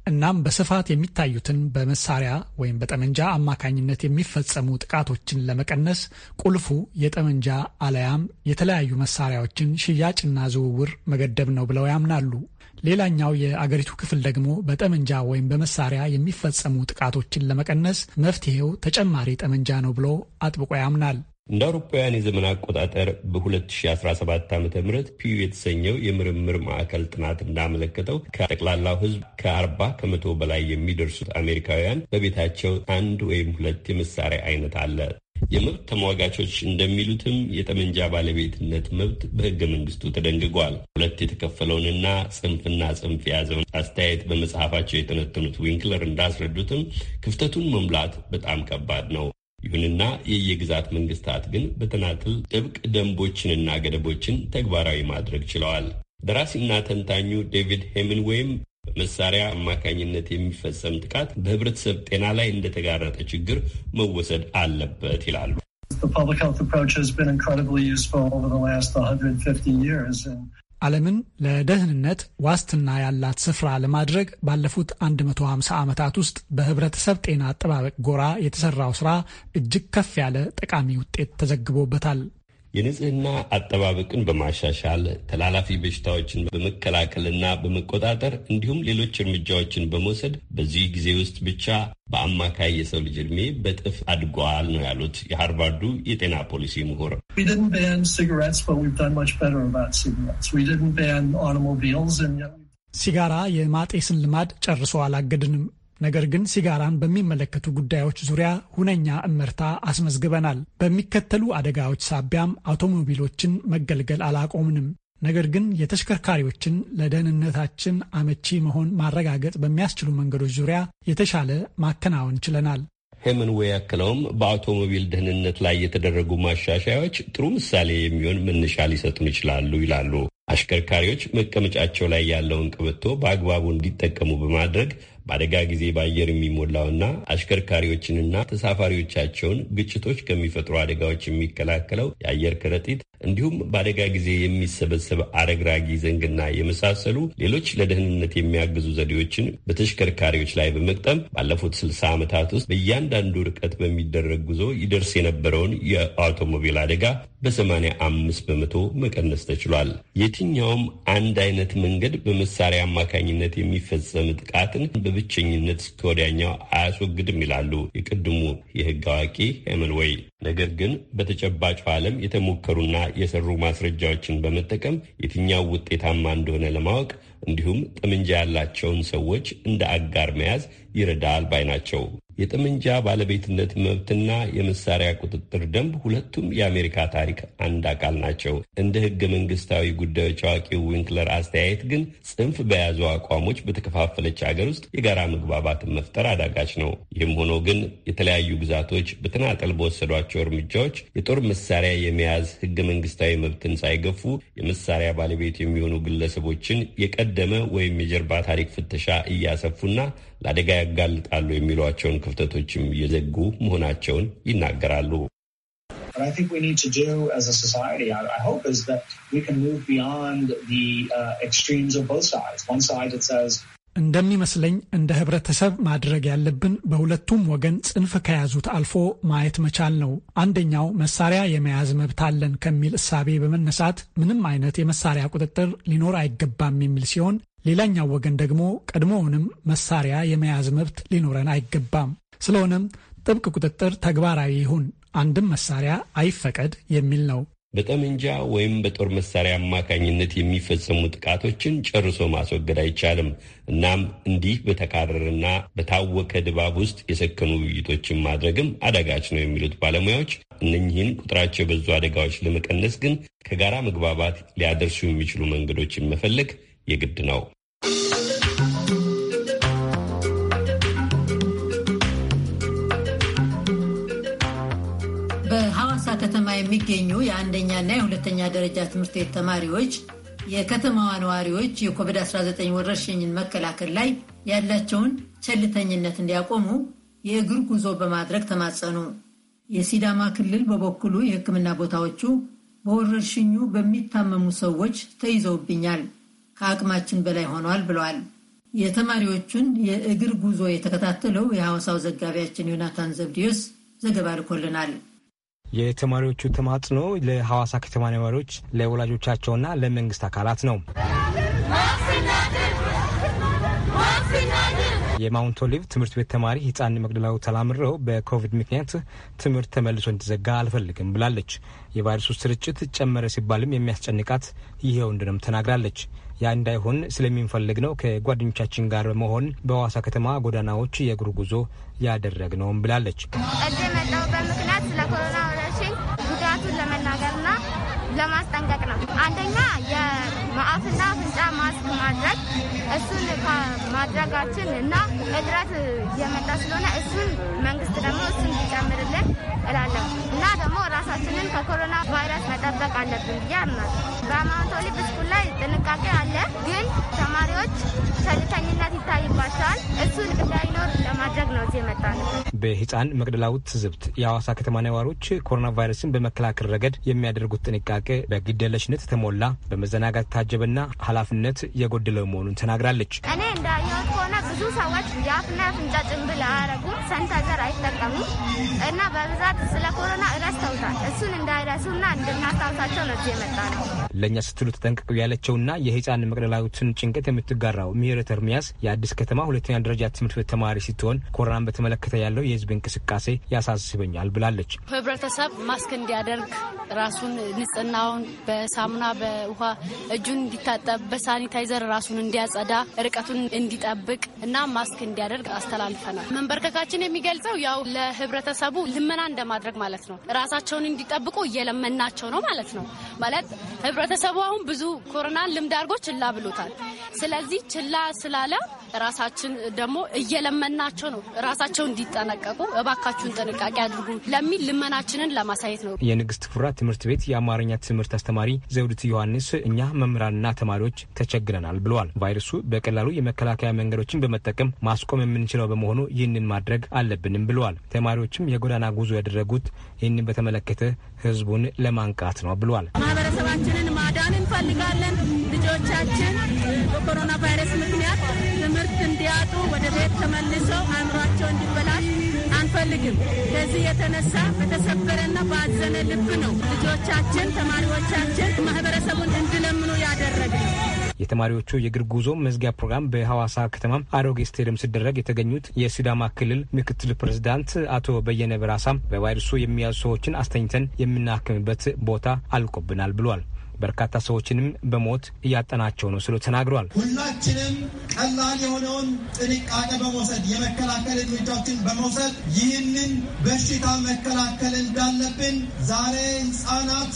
እናም በስፋት የሚታዩትን በመሳሪያ ወይም በጠመንጃ አማካኝነት የሚፈጸሙ ጥቃቶችን ለመቀነስ ቁልፉ የጠመንጃ አለያም የተለያዩ መሳሪያዎችን ሽያጭና ዝውውር መገደብ ነው ብለው ያምናሉ። ሌላኛው የአገሪቱ ክፍል ደግሞ በጠመንጃ ወይም በመሳሪያ የሚፈጸሙ ጥቃቶችን ለመቀነስ መፍትሄው ተጨማሪ ጠመንጃ ነው ብሎ አጥብቆ ያምናል። እንደ አውሮፓውያን የዘመን አቆጣጠር በ2017 ዓ ም ፒዩ የተሰኘው የምርምር ማዕከል ጥናት እንዳመለከተው ከጠቅላላው ሕዝብ ከ ከመቶ በላይ የሚደርሱት አሜሪካውያን በቤታቸው አንድ ወይም ሁለት የመሳሪያ አይነት አለ። የመብት ተሟጋቾች እንደሚሉትም የጠመንጃ ባለቤትነት መብት በህገ መንግስቱ ተደንግጓል። ሁለት የተከፈለውንና ጽንፍና ጽንፍ የያዘውን አስተያየት በመጽሐፋቸው የተነተኑት ዊንክለር እንዳስረዱትም ክፍተቱን መሙላት በጣም ከባድ ነው። ይሁንና የየግዛት መንግስታት ግን በተናጥል ጥብቅ ደንቦችንና ገደቦችን ተግባራዊ ማድረግ ችለዋል። ደራሲና ተንታኙ ዴቪድ ወይም በመሳሪያ አማካኝነት የሚፈጸም ጥቃት በህብረተሰብ ጤና ላይ እንደተጋረጠ ችግር መወሰድ አለበት ይላሉ። ዓለምን ለደህንነት ዋስትና ያላት ስፍራ ለማድረግ ባለፉት 150 ዓመታት ውስጥ በህብረተሰብ ጤና አጠባበቅ ጎራ የተሰራው ስራ እጅግ ከፍ ያለ ጠቃሚ ውጤት ተዘግቦበታል። የንጽህና አጠባበቅን በማሻሻል ተላላፊ በሽታዎችን በመከላከልና በመቆጣጠር እንዲሁም ሌሎች እርምጃዎችን በመውሰድ በዚህ ጊዜ ውስጥ ብቻ በአማካይ የሰው ልጅ እድሜ በጥፍ አድጓል ነው ያሉት የሃርቫርዱ የጤና ፖሊሲ ምሁር። ሲጋራ የማጤስን ልማድ ጨርሶ አላገድንም። ነገር ግን ሲጋራን በሚመለከቱ ጉዳዮች ዙሪያ ሁነኛ እመርታ አስመዝግበናል። በሚከተሉ አደጋዎች ሳቢያም አውቶሞቢሎችን መገልገል አላቆምንም። ነገር ግን የተሽከርካሪዎችን ለደህንነታችን አመቺ መሆን ማረጋገጥ በሚያስችሉ መንገዶች ዙሪያ የተሻለ ማከናወን ችለናል። ሄመንዌይ ያክለውም በአውቶሞቢል ደህንነት ላይ የተደረጉ ማሻሻያዎች ጥሩ ምሳሌ የሚሆን መነሻ ሊሰጡን ይችላሉ ይላሉ። አሽከርካሪዎች መቀመጫቸው ላይ ያለውን ቅብቶ በአግባቡ እንዲጠቀሙ በማድረግ በአደጋ ጊዜ በአየር የሚሞላውና አሽከርካሪዎችንና ተሳፋሪዎቻቸውን ግጭቶች ከሚፈጥሩ አደጋዎች የሚከላከለው የአየር ከረጢት እንዲሁም በአደጋ ጊዜ የሚሰበሰብ አረግራጊ ዘንግና የመሳሰሉ ሌሎች ለደህንነት የሚያግዙ ዘዴዎችን በተሽከርካሪዎች ላይ በመቅጠም ባለፉት ስልሳ ዓመታት ውስጥ በእያንዳንዱ ርቀት በሚደረግ ጉዞ ይደርስ የነበረውን የአውቶሞቢል አደጋ በሰማንያ አምስት በመቶ መቀነስ ተችሏል። የትኛውም አንድ አይነት መንገድ በመሳሪያ አማካኝነት የሚፈጸም ጥቃትን ብቸኝነት እስከ አያስወግድም ይላሉ የቅድሙ የህግ አዋቂ ሄምልዌይ። ነገር ግን በተጨባጩ ዓለም የተሞከሩና የሰሩ ማስረጃዎችን በመጠቀም የትኛው ውጤታማ እንደሆነ ለማወቅ እንዲሁም ጠመንጃ ያላቸውን ሰዎች እንደ አጋር መያዝ ይረዳል ባይ ናቸው። የጠመንጃ ባለቤትነት መብትና የመሳሪያ ቁጥጥር ደንብ ሁለቱም የአሜሪካ ታሪክ አንድ አካል ናቸው። እንደ ህገ መንግስታዊ ጉዳዮች አዋቂው ዊንክለር አስተያየት ግን ጽንፍ በያዙ አቋሞች በተከፋፈለች ሀገር ውስጥ የጋራ መግባባትን መፍጠር አዳጋች ነው። ይህም ሆኖ ግን የተለያዩ ግዛቶች በተናጠል በወሰዷቸው እርምጃዎች የጦር መሳሪያ የመያዝ ህገ መንግስታዊ መብትን ሳይገፉ የመሳሪያ ባለቤት የሚሆኑ ግለሰቦችን የቀደመ ወይም የጀርባ ታሪክ ፍተሻ እያሰፉና ለአደጋ ያጋልጣሉ የሚሏቸውን ክፍተቶችም እየዘጉ መሆናቸውን ይናገራሉ። uh, እንደሚመስለኝ እንደ ህብረተሰብ ማድረግ ያለብን በሁለቱም ወገን ጽንፍ ከያዙት አልፎ ማየት መቻል ነው። አንደኛው መሳሪያ የመያዝ መብት አለን ከሚል እሳቤ በመነሳት ምንም አይነት የመሳሪያ ቁጥጥር ሊኖር አይገባም የሚል ሲሆን ሌላኛው ወገን ደግሞ ቀድሞውንም መሳሪያ የመያዝ መብት ሊኖረን አይገባም። ስለሆነም ጥብቅ ቁጥጥር ተግባራዊ ይሁን፣ አንድም መሳሪያ አይፈቀድ የሚል ነው። በጠመንጃ ወይም በጦር መሳሪያ አማካኝነት የሚፈጸሙ ጥቃቶችን ጨርሶ ማስወገድ አይቻልም። እናም እንዲህ በተካረርና በታወከ ድባብ ውስጥ የሰከኑ ውይይቶችን ማድረግም አዳጋች ነው የሚሉት ባለሙያዎች እነኚህን ቁጥራቸው የበዙ አደጋዎች ለመቀነስ ግን ከጋራ መግባባት ሊያደርሱ የሚችሉ መንገዶችን መፈለግ የግድ ነው። በሐዋሳ ከተማ የሚገኙ የአንደኛና የሁለተኛ ደረጃ ትምህርት ቤት ተማሪዎች የከተማዋ ነዋሪዎች የኮቪድ-19 ወረርሽኝን መከላከል ላይ ያላቸውን ቸልተኝነት እንዲያቆሙ የእግር ጉዞ በማድረግ ተማጸኑ። የሲዳማ ክልል በበኩሉ የሕክምና ቦታዎቹ በወረርሽኙ በሚታመሙ ሰዎች ተይዘውብኛል ከአቅማችን በላይ ሆኗል ብለዋል። የተማሪዎቹን የእግር ጉዞ የተከታተለው የሐዋሳው ዘጋቢያችን ዮናታን ዘብዲዮስ ዘገባ ልኮልናል። የተማሪዎቹ ተማጽኖ ለሐዋሳ ከተማ ነዋሪዎች፣ ለወላጆቻቸውና ለመንግስት አካላት ነው። የማውንት ኦሊቭ ትምህርት ቤት ተማሪ ህፃን መቅደላዊ ተላምረው በኮቪድ ምክንያት ትምህርት ተመልሶ እንዲዘጋ አልፈልግም ብላለች። የቫይረሱ ስርጭት ጨመረ ሲባልም የሚያስጨንቃት ይሄው እንደሆነም ተናግራለች። ያ እንዳይሆን ስለሚንፈልግ ነው ከጓደኞቻችን ጋር በመሆን በሐዋሳ ከተማ ጎዳናዎች የእግር ጉዞ ነውም ብላለች። እዚህ የመጣሁበት ምክንያት ስለ ኮሮና ወረርሽኝ ጉዳቱን ለመናገርና ለማስጠንቀቅ ነው። አንደኛ የማአፍና አፍንጫ ማስክ ማድረግ እሱን ማድረጋችን እና እጥረት እየመጣ ስለሆነ እሱን መንግስት ደግሞ እሱን እንዲጨምርልን እላለሁ እና ደግሞ ራሳችንን ከኮሮና ቫይረስ መጠበቅ አለብን ብዬ አምናለሁ። በማውንት ስኩል ላይ ጥንቃቄ አለ፣ ግን ተማሪዎች ቸልተኝነት ይታይባቸዋል። እሱን እንዳይኖር ለማድረግ ነው እዚህ የመጣ ነው። በህፃን መቅደላዊ ትዝብት የአዋሳ ከተማ ነዋሪዎች ኮሮና ቫይረስን በመከላከል ረገድ የሚያደርጉት ጥንቃቄ በግደለሽነት የተሞላ በመዘናጋት ታጀበና ኃላፊነት የጎደለው መሆኑን ተናግራለች። እኔ አይታችሁት ከሆነ ብዙ ሰዎች የአፍና የአፍንጫ ጭንብል አያረጉ ሰንሰገር አይጠቀሙም እና በብዛት ስለ ኮሮና ረስተውታል። እሱን እንዳይረሱና እንድናስታውሳቸው ነው እዚህ የመጣ ነው። ለእኛ ስትሉ ተጠንቀቁ ያለችውና የህፃን መቅደላዊትን ጭንቀት የምትጋራው ምህረት እርሚያስ የአዲስ ከተማ ሁለተኛ ደረጃ ትምህርት ቤት ተማሪ ስትሆን ኮሮናን በተመለከተ ያለው የህዝብ እንቅስቃሴ ያሳስበኛል ብላለች። ህብረተሰብ ማስክ እንዲያደርግ ራሱን ንጽህናውን በሳሙና በውሃ እጁን እንዲታጠብ በሳኒታይዘር ራሱን እንዲያጸዳ ርቀቱን እንዲ እንዲጠብቅ እና ማስክ እንዲያደርግ አስተላልፈናል። መንበርከካችን የሚገልጸው ያው ለህብረተሰቡ ልመና እንደማድረግ ማለት ነው። ራሳቸውን እንዲጠብቁ እየለመናቸው ነው ማለት ነው። ማለት ህብረተሰቡ አሁን ብዙ ኮሮናን ልምድ አድርጎ ችላ ብሎታል። ስለዚህ ችላ ስላለ ራሳችን ደግሞ እየለመናቸው ነው። ራሳቸው እንዲጠነቀቁ እባካችሁን ጥንቃቄ አድርጉ ለሚል ልመናችንን ለማሳየት ነው። የንግስት ኩራ ትምህርት ቤት የአማርኛ ትምህርት አስተማሪ ዘውድት ዮሐንስ እኛ መምህራንና ተማሪዎች ተቸግረናል ብለዋል። ቫይረሱ በቀላሉ የመከላከያ መከላከያ መንገዶችን በመጠቀም ማስቆም የምንችለው በመሆኑ ይህንን ማድረግ አለብንም ብለዋል። ተማሪዎችም የጎዳና ጉዞ ያደረጉት ይህንን በተመለከተ ህዝቡን ለማንቃት ነው ብለዋል። ማህበረሰባችንን ማዳን እንፈልጋለን። ልጆቻችን በኮሮና ቫይረስ ምክንያት ትምህርት እንዲያጡ ወደ ቤት ተመልሰው አእምሯቸው እንዲበላሽ አንፈልግም። ከዚህ የተነሳ በተሰበረና ባዘነ ልብ ነው ልጆቻችን፣ ተማሪዎቻችን ማህበረሰቡን እንዲለምኑ ነው። የተማሪዎቹ የእግር ጉዞ መዝጊያ ፕሮግራም በሐዋሳ ከተማ አሮጌ ስቴዲየም ሲደረግ የተገኙት የሲዳማ ክልል ምክትል ፕሬዚዳንት አቶ በየነ በራሳ በቫይረሱ የሚያዙ ሰዎችን አስተኝተን የምናክምበት ቦታ አልቆብናል ብሏል። በርካታ ሰዎችንም በሞት እያጠናቸው ነው ስሎ ተናግሯል። ሁላችንም ቀላል የሆነውን ጥንቃቄ በመውሰድ የመከላከል እርምጃዎችን በመውሰድ ይህንን በሽታ መከላከል እንዳለብን ዛሬ ህጻናት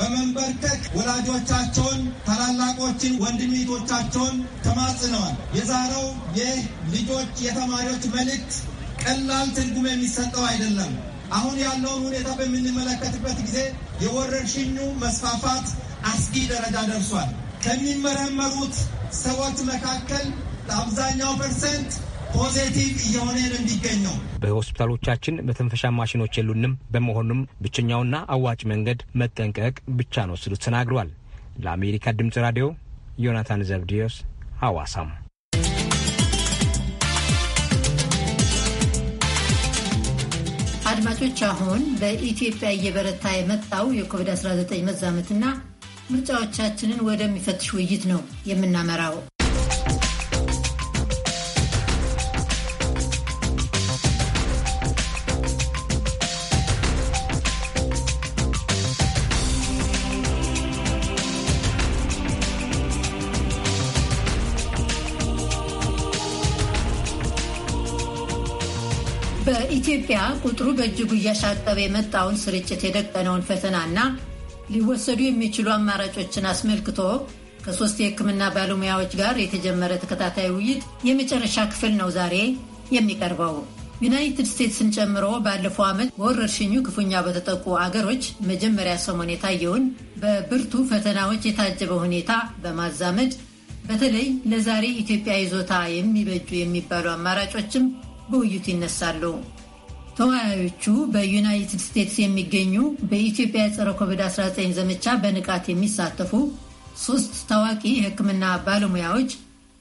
በመንበርከክ ወላጆቻቸውን፣ ታላላቆችን፣ ወንድሚቶቻቸውን ተማጽነዋል። የዛሬው ይህ ልጆች የተማሪዎች መልእክት ቀላል ትርጉም የሚሰጠው አይደለም። አሁን ያለውን ሁኔታ በምንመለከትበት ጊዜ የወረርሽኙ መስፋፋት አስጊ ደረጃ ደርሷል። ከሚመረመሩት ሰዎች መካከል አብዛኛው ፐርሰንት ፖዚቲቭ እየሆነ ነው የሚገኘው። በሆስፒታሎቻችን መተንፈሻ ማሽኖች የሉንም። በመሆኑም ብቸኛውና አዋጭ መንገድ መጠንቀቅ ብቻ ነው ስሉ ተናግረዋል። ለአሜሪካ ድምጽ ራዲዮ ዮናታን ዘብዲዮስ ሐዋሳም አድማጮች አሁን በኢትዮጵያ እየበረታ የመጣው የኮቪድ-19 መዛመትና ምርጫዎቻችንን ወደሚፈትሽ ውይይት ነው የምናመራው። በኢትዮጵያ ቁጥሩ በእጅጉ እያሻቀበ የመጣውን ስርጭት የደቀነውን ፈተናና ሊወሰዱ የሚችሉ አማራጮችን አስመልክቶ ከሶስት የሕክምና ባለሙያዎች ጋር የተጀመረ ተከታታይ ውይይት የመጨረሻ ክፍል ነው ዛሬ የሚቀርበው። ዩናይትድ ስቴትስን ጨምሮ ባለፈው ዓመት በወረርሽኙ ክፉኛ በተጠቁ አገሮች መጀመሪያ ሰሞን የታየውን በብርቱ ፈተናዎች የታጀበ ሁኔታ በማዛመድ በተለይ ለዛሬ ኢትዮጵያ ይዞታ የሚበጁ የሚባሉ አማራጮችም በውይይቱ ይነሳሉ። ተወያዮቹ በዩናይትድ ስቴትስ የሚገኙ በኢትዮጵያ የጸረ ኮቪድ-19 ዘመቻ በንቃት የሚሳተፉ ሶስት ታዋቂ የሕክምና ባለሙያዎች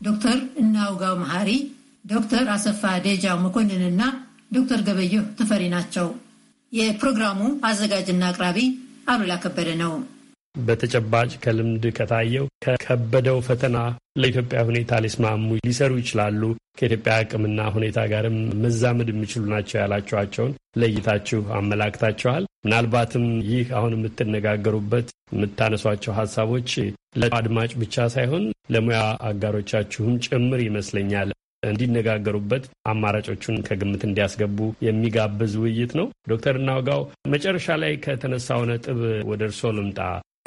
ዶክተር እናውጋው መሐሪ፣ ዶክተር አሰፋ ዴጃ መኮንንና ዶክተር ገበየሁ ተፈሪ ናቸው። የፕሮግራሙ አዘጋጅና አቅራቢ አሉላ ከበደ ነው። በተጨባጭ ከልምድ ከታየው ከከበደው ፈተና ለኢትዮጵያ ሁኔታ ሊስማሙ ሊሰሩ ይችላሉ፣ ከኢትዮጵያ አቅምና ሁኔታ ጋርም መዛመድ የሚችሉ ናቸው ያላችኋቸውን ለይታችሁ አመላክታችኋል። ምናልባትም ይህ አሁን የምትነጋገሩበት የምታነሷቸው ሀሳቦች ለአድማጭ ብቻ ሳይሆን ለሙያ አጋሮቻችሁም ጭምር ይመስለኛል እንዲነጋገሩበት አማራጮቹን ከግምት እንዲያስገቡ የሚጋብዝ ውይይት ነው። ዶክተር እናውጋው መጨረሻ ላይ ከተነሳው ነጥብ ወደ እርስዎ ልምጣ።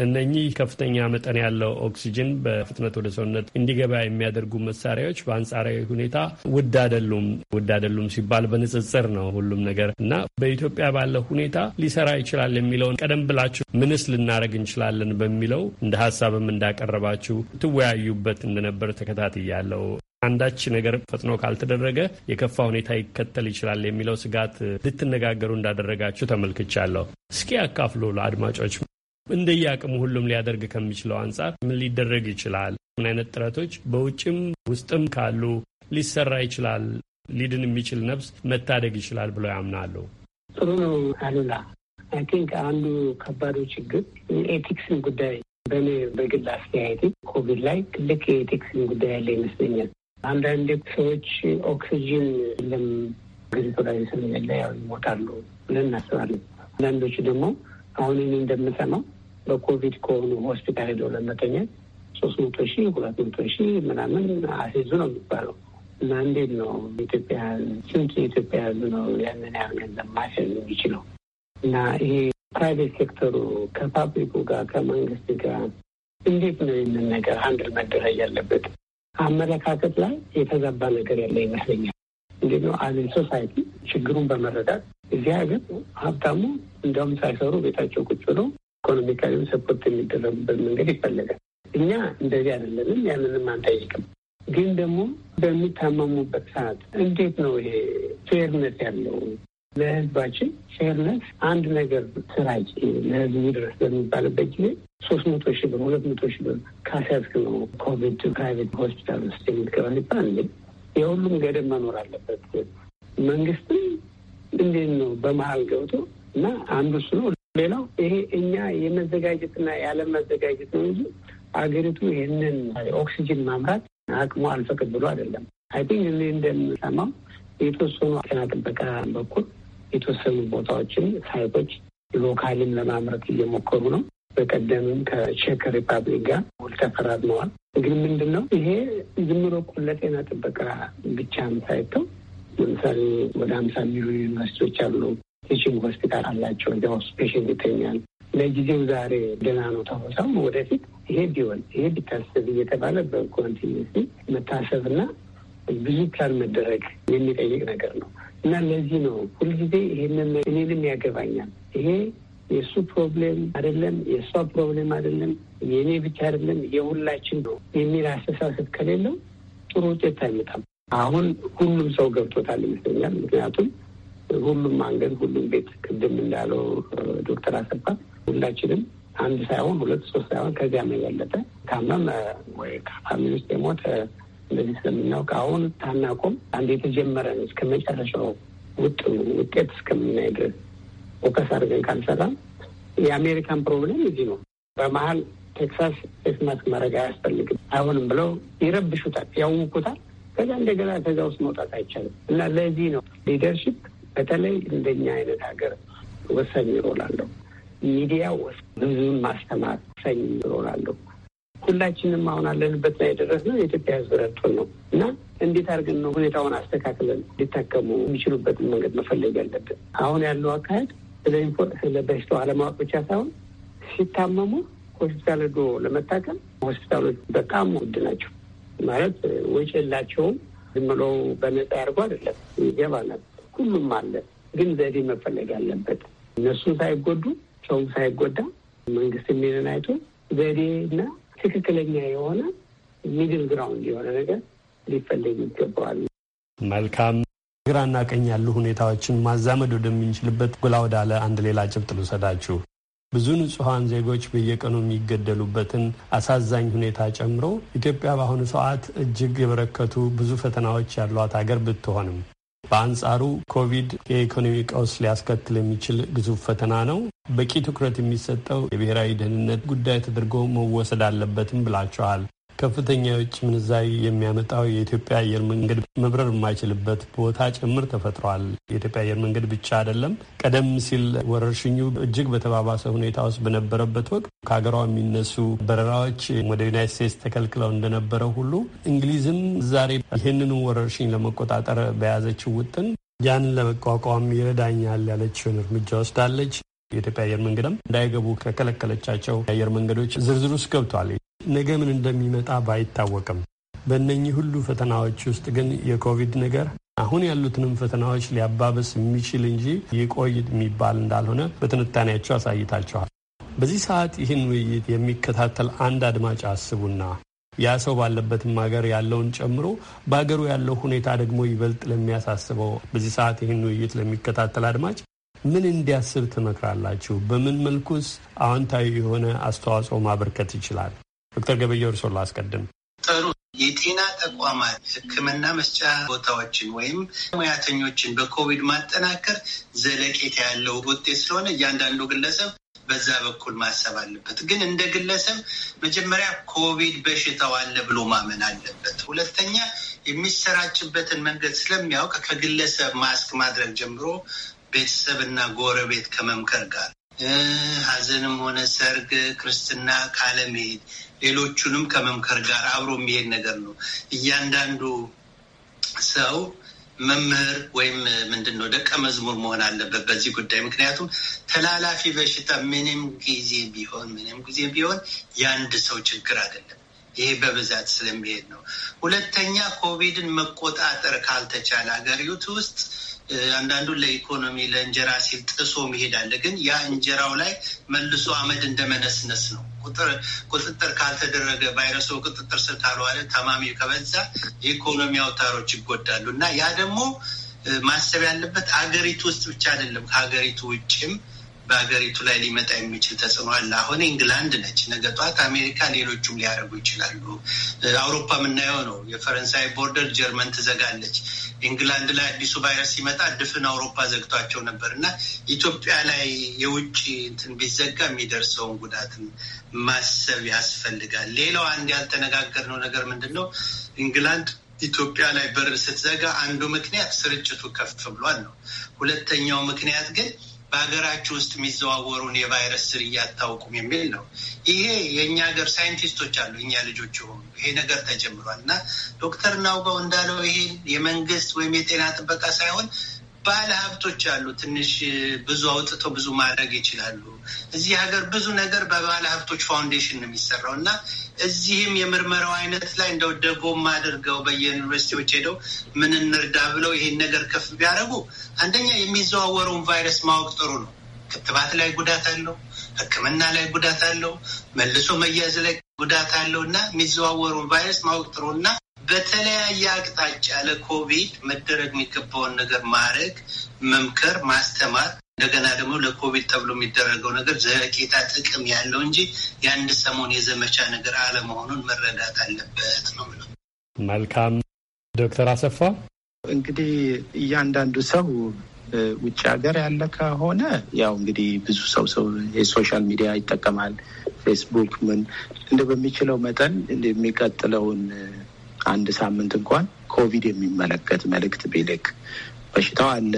እነኚህ ከፍተኛ መጠን ያለው ኦክሲጅን በፍጥነት ወደ ሰውነት እንዲገባ የሚያደርጉ መሳሪያዎች በአንጻራዊ ሁኔታ ውድ አይደሉም። ውድ አይደሉም ሲባል በንጽጽር ነው ሁሉም ነገር እና በኢትዮጵያ ባለው ሁኔታ ሊሰራ ይችላል የሚለውን ቀደም ብላችሁ ምንስ ልናደርግ እንችላለን በሚለው እንደ ሀሳብም እንዳቀረባችሁ ትወያዩበት እንደነበር ተከታትያለሁ። አንዳች ነገር ፈጥኖ ካልተደረገ የከፋ ሁኔታ ይከተል ይችላል የሚለው ስጋት ልትነጋገሩ እንዳደረጋችሁ ተመልክቻለሁ። እስኪ ያካፍሉ ለአድማጮች እንደየአቅሙ ሁሉም ሊያደርግ ከሚችለው አንጻር ምን ሊደረግ ይችላል? ምን አይነት ጥረቶች በውጭም ውስጥም ካሉ ሊሰራ ይችላል? ሊድን የሚችል ነፍስ መታደግ ይችላል ብለው ያምናሉ? ጥሩ ነው አሉላ። አይ ቲንክ አንዱ ከባዱ ችግር የኤቲክስን ጉዳይ በእኔ በግል አስተያየት ኮቪድ ላይ ትልቅ የኤቲክስን ጉዳይ ያለ ይመስለኛል። አንዳንድ ሰዎች ኦክሲጅን የለም ግሪቶ ላይ ስለሌለ ያው ይሞታሉ ብለን እናስባለን። አንዳንዶች ደግሞ አሁን እኔ እንደምሰማው በኮቪድ ከሆኑ ሆስፒታል ሄደው ለመተኛት ሶስት መቶ ሺህ ሁለት መቶ ሺህ ምናምን አስይዙ ነው የሚባለው እና እንዴት ነው ኢትዮጵያ ስንት የኢትዮጵያ ህዝብ ነው ያንን ያህል ገንዘብ ማስያዝ የሚችለው? እና ይሄ ፕራይቬት ሴክተሩ ከፓብሊኩ ጋር ከመንግስት ጋር እንዴት ነው ይህንን ነገር አንድ መደረግ ያለበት? አመለካከት ላይ የተዛባ ነገር ያለ ይመስለኛል። እንዴት ነው አዜ ሶሳይቲ ችግሩን በመረዳት እዚህ ሀገር ሀብታሙ እንዲያውም ሳይሰሩ ቤታቸው ቁጭ ብለው ኢኮኖሚካዊ ሰፖርት የሚደረጉበት መንገድ ይፈለጋል። እኛ እንደዚህ አይደለንም፣ ያንንም አንጠይቅም። ግን ደግሞ በሚታመሙበት ሰዓት እንዴት ነው ይሄ ፌርነት ያለው ለህዝባችን ፌርነት አንድ ነገር ስራጭ ለህዝቡ ድረስ በሚባልበት ጊዜ ሶስት መቶ ሺህ ብር ሁለት መቶ ሺህ ብር ካሲያስክ ነው ኮቪድ ፕራይቬት ሆስፒታል ውስጥ የምትገባ ሲባል የሁሉም ገደብ መኖር አለበት። መንግስትም እንዴት ነው በመሀል ገብቶ እና አንዱ እሱ ነው። ሌላው ይሄ እኛ የመዘጋጀትና ያለመዘጋጀት ነው እንጂ አገሪቱ ይህንን ኦክሲጅን ማምራት አቅሙ አልፈቅድ ብሎ አይደለም። አይ ቲንክ እኔ እንደምሰማው የተወሰኑ ጤና ጥበቃ በኩል የተወሰኑ ቦታዎችን ሳይቶች ሎካልን ለማምረት እየሞከሩ ነው። በቀደምም ከቼክ ሪፐብሊክ ጋር ውል ተፈራርመዋል። እንግዲህ ምንድን ነው ይሄ ዝም ብሎ ለጤና ጥበቃ ብቻም ሳይተው ለምሳሌ ወደ ሀምሳ የሚሆኑ ዩኒቨርሲቲዎች አሉ። ቲችንግ ሆስፒታል አላቸው። እዚያ ውስጥ ፔሽንት ይተኛል። ለጊዜው ዛሬ ደህና ነው ተወሳው ወደፊት ይሄ ቢሆን ይሄ ቢታሰብ እየተባለ መታሰብ መታሰብና ብዙ ፕላን መደረግ የሚጠይቅ ነገር ነው እና ለዚህ ነው ሁልጊዜ ይህንን እኔንም ያገባኛል ይሄ የእሱ ፕሮብሌም አይደለም፣ የእሷ ፕሮብሌም አይደለም፣ የእኔ ብቻ አይደለም፣ የሁላችን ነው የሚል አስተሳሰብ ከሌለው ጥሩ ውጤት አይመጣም። አሁን ሁሉም ሰው ገብቶታል ይመስለኛል። ምክንያቱም ሁሉም አንገድ፣ ሁሉም ቤት ቅድም እንዳለው ዶክተር አሰፋ ሁላችንም አንድ ሳይሆን ሁለት ሶስት ሳይሆን ከዚያም የበለጠ ታመም ወይ ከፋሚሊ ውስጥ የሞተ እንደዚህ ስለምናውቅ አሁን ታናቆም አንድ የተጀመረን እስከ መጨረሻው ውጥ ውጤት እስከምናይ ድረስ ፎከስ አድርገን ካልሰራም የአሜሪካን ፕሮብሌም እዚህ ነው። በመሀል ቴክሳስ ፌስማስ ማድረግ አያስፈልግም አይሆንም ብለው ይረብሹታል፣ ያውቁታል። ከዛ እንደገና ከዛ ውስጥ መውጣት አይቻልም። እና ለዚህ ነው ሊደርሽፕ በተለይ እንደኛ አይነት ሀገር ወሳኝ ሮል አለው። ሚዲያ ውስጥ ብዙን ማስተማር ወሳኝ ሮል አለው። ሁላችንም አሁን አለንበት ላይ የደረስነው የኢትዮጵያ ሕዝብ ረድቶን ነው እና እንዴት አድርገን ነው ሁኔታውን አስተካክለን ሊታከሙ የሚችሉበትን መንገድ መፈለግ ያለብን። አሁን ያለው አካሄድ ስለ ኢንፎ ስለ በሽታው አለማወቅ ብቻ ሳይሆን ሲታመሙ ሆስፒታል ሄዶ ለመታከም ሆስፒታሎች በጣም ውድ ናቸው። ማለት ወጪ የላቸውም። ዝም ብሎ በነፃ ያርጎ አይደለም። ይገባናል። ሁሉም አለ፣ ግን ዘዴ መፈለግ አለበት። እነሱን ሳይጎዱ ሰውም ሳይጎዳ መንግስት የሚልን አይቶ ዘዴና ትክክለኛ የሆነ ሚድል ግራውንድ የሆነ ነገር ሊፈለግ ይገባዋል። መልካም ግራና ቀኝ ያሉ ሁኔታዎችን ማዛመድ ወደምንችልበት ጉላ ወዳለ አንድ ሌላ ጭብጥ ልውሰዳችሁ። ብዙ ንጹሐን ዜጎች በየቀኑ የሚገደሉበትን አሳዛኝ ሁኔታ ጨምሮ ኢትዮጵያ በአሁኑ ሰዓት እጅግ የበረከቱ ብዙ ፈተናዎች ያሏት ሀገር ብትሆንም በአንጻሩ ኮቪድ የኢኮኖሚ ቀውስ ሊያስከትል የሚችል ግዙፍ ፈተና ነው፣ በቂ ትኩረት የሚሰጠው የብሔራዊ ደህንነት ጉዳይ ተደርጎ መወሰድ አለበትም ብላችኋል። ከፍተኛ የውጭ ምንዛሪ የሚያመጣው የኢትዮጵያ አየር መንገድ መብረር የማይችልበት ቦታ ጭምር ተፈጥሯል። የኢትዮጵያ አየር መንገድ ብቻ አይደለም። ቀደም ሲል ወረርሽኙ እጅግ በተባባሰ ሁኔታ ውስጥ በነበረበት ወቅት ከሀገሯ የሚነሱ በረራዎች ወደ ዩናይት ስቴትስ ተከልክለው እንደነበረ ሁሉ እንግሊዝም ዛሬ ይህንኑ ወረርሽኝ ለመቆጣጠር በያዘችው ውጥን ያን ለመቋቋም ይረዳኛል ያለችውን እርምጃ ወስዳለች። የኢትዮጵያ አየር መንገድም እንዳይገቡ ከከለከለቻቸው የአየር መንገዶች ዝርዝር ውስጥ ገብቷል። ነገ ምን እንደሚመጣ ባይታወቅም በእነኚህ ሁሉ ፈተናዎች ውስጥ ግን የኮቪድ ነገር አሁን ያሉትንም ፈተናዎች ሊያባበስ የሚችል እንጂ ይቆይ የሚባል እንዳልሆነ በትንታኔያቸው አሳይታቸዋል። በዚህ ሰዓት ይህን ውይይት የሚከታተል አንድ አድማጭ አስቡና ያ ሰው ባለበትም ሀገር ያለውን ጨምሮ በሀገሩ ያለው ሁኔታ ደግሞ ይበልጥ ለሚያሳስበው በዚህ ሰዓት ይህን ውይይት ለሚከታተል አድማጭ ምን እንዲያስብ ትመክራላችሁ? በምን መልኩስ አዎንታዊ የሆነ አስተዋጽኦ ማበርከት ይችላል? ዶክተር ገበየው እርሶን ላስቀድም። ጥሩ የጤና ተቋማት ሕክምና መስጫ ቦታዎችን ወይም ሙያተኞችን በኮቪድ ማጠናከር ዘለቄታ ያለው ውጤት ስለሆነ እያንዳንዱ ግለሰብ በዛ በኩል ማሰብ አለበት። ግን እንደ ግለሰብ መጀመሪያ ኮቪድ በሽታው አለ ብሎ ማመን አለበት። ሁለተኛ የሚሰራጭበትን መንገድ ስለሚያውቅ ከግለሰብ ማስክ ማድረግ ጀምሮ እና ጎረቤት ከመምከር ጋር ሐዘንም ሆነ ሰርግ፣ ክርስትና ካለመሄድ ሌሎቹንም ከመምከር ጋር አብሮ የሚሄድ ነገር ነው። እያንዳንዱ ሰው መምህር ወይም ምንድን ነው ደቀ መዝሙር መሆን አለበት በዚህ ጉዳይ። ምክንያቱም ተላላፊ በሽታ ምንም ጊዜ ቢሆን ምንም ጊዜ ቢሆን የአንድ ሰው ችግር አይደለም። ይሄ በብዛት ስለሚሄድ ነው። ሁለተኛ ኮቪድን መቆጣጠር ካልተቻለ ሀገሪቱ ውስጥ አንዳንዱ ለኢኮኖሚ ለእንጀራ ሲል ጥሶ መሄዳለ፣ ግን ያ እንጀራው ላይ መልሶ አመድ እንደመነስነስ ነው። ቁጥጥር ካልተደረገ ቫይረሱ ቁጥጥር ስር ካልዋለ ታማሚ ከበዛ የኢኮኖሚ አውታሮች ይጎዳሉ እና ያ ደግሞ ማሰብ ያለበት አገሪቱ ውስጥ ብቻ አይደለም፣ ከሀገሪቱ ውጭም በሀገሪቱ ላይ ሊመጣ የሚችል ተጽዕኖ አለ። አሁን ኢንግላንድ ነች፣ ነገ ጠዋት አሜሪካ፣ ሌሎቹም ሊያደርጉ ይችላሉ። አውሮፓ የምናየው ነው። የፈረንሳይ ቦርደር ጀርመን ትዘጋለች። ኢንግላንድ ላይ አዲሱ ቫይረስ ሲመጣ ድፍን አውሮፓ ዘግቷቸው ነበር እና ኢትዮጵያ ላይ የውጭ እንትን ቢዘጋ የሚደርሰውን ጉዳትን ማሰብ ያስፈልጋል። ሌላው አንድ ያልተነጋገርነው ነገር ምንድን ነው? ኢንግላንድ ኢትዮጵያ ላይ በር ስትዘጋ አንዱ ምክንያት ስርጭቱ ከፍ ብሏል ነው። ሁለተኛው ምክንያት ግን በሀገራችሁ ውስጥ የሚዘዋወሩን የቫይረስ ዝርያ አታውቁም የሚል ነው። ይሄ የእኛ ሀገር ሳይንቲስቶች አሉ፣ እኛ ልጆች የሆኑ ይሄ ነገር ተጀምሯል እና ዶክተር ናውጋው እንዳለው ይሄ የመንግስት ወይም የጤና ጥበቃ ሳይሆን ባለ ሀብቶች አሉ። ትንሽ ብዙ አውጥተው ብዙ ማድረግ ይችላሉ። እዚህ ሀገር ብዙ ነገር በባለ ሀብቶች ፋውንዴሽን ነው የሚሰራው እና እዚህም የምርመራው አይነት ላይ እንደው ደጎም አድርገው በየዩኒቨርሲቲዎች ሄደው ምን እንርዳ ብለው ይሄን ነገር ከፍ ቢያደርጉ አንደኛ የሚዘዋወረውን ቫይረስ ማወቅ ጥሩ ነው። ክትባት ላይ ጉዳት አለው፣ ሕክምና ላይ ጉዳት አለው፣ መልሶ መያዝ ላይ ጉዳት አለው እና የሚዘዋወረውን ቫይረስ ማወቅ ጥሩ እና በተለያየ አቅጣጫ ለኮቪድ መደረግ የሚገባውን ነገር ማድረግ፣ መምከር፣ ማስተማር እንደገና ደግሞ ለኮቪድ ተብሎ የሚደረገው ነገር ዘቄታ ጥቅም ያለው እንጂ የአንድ ሰሞን የዘመቻ ነገር አለመሆኑን መረዳት አለበት ነው መልካም ዶክተር አሰፋ እንግዲህ እያንዳንዱ ሰው ውጭ ሀገር ያለ ከሆነ ያው እንግዲህ ብዙ ሰው ሰው የሶሻል ሚዲያ ይጠቀማል፣ ፌስቡክ ምን እንደ በሚችለው መጠን የሚቀጥለውን አንድ ሳምንት እንኳን ኮቪድ የሚመለከት መልእክት ቢልክ በሽታው አለ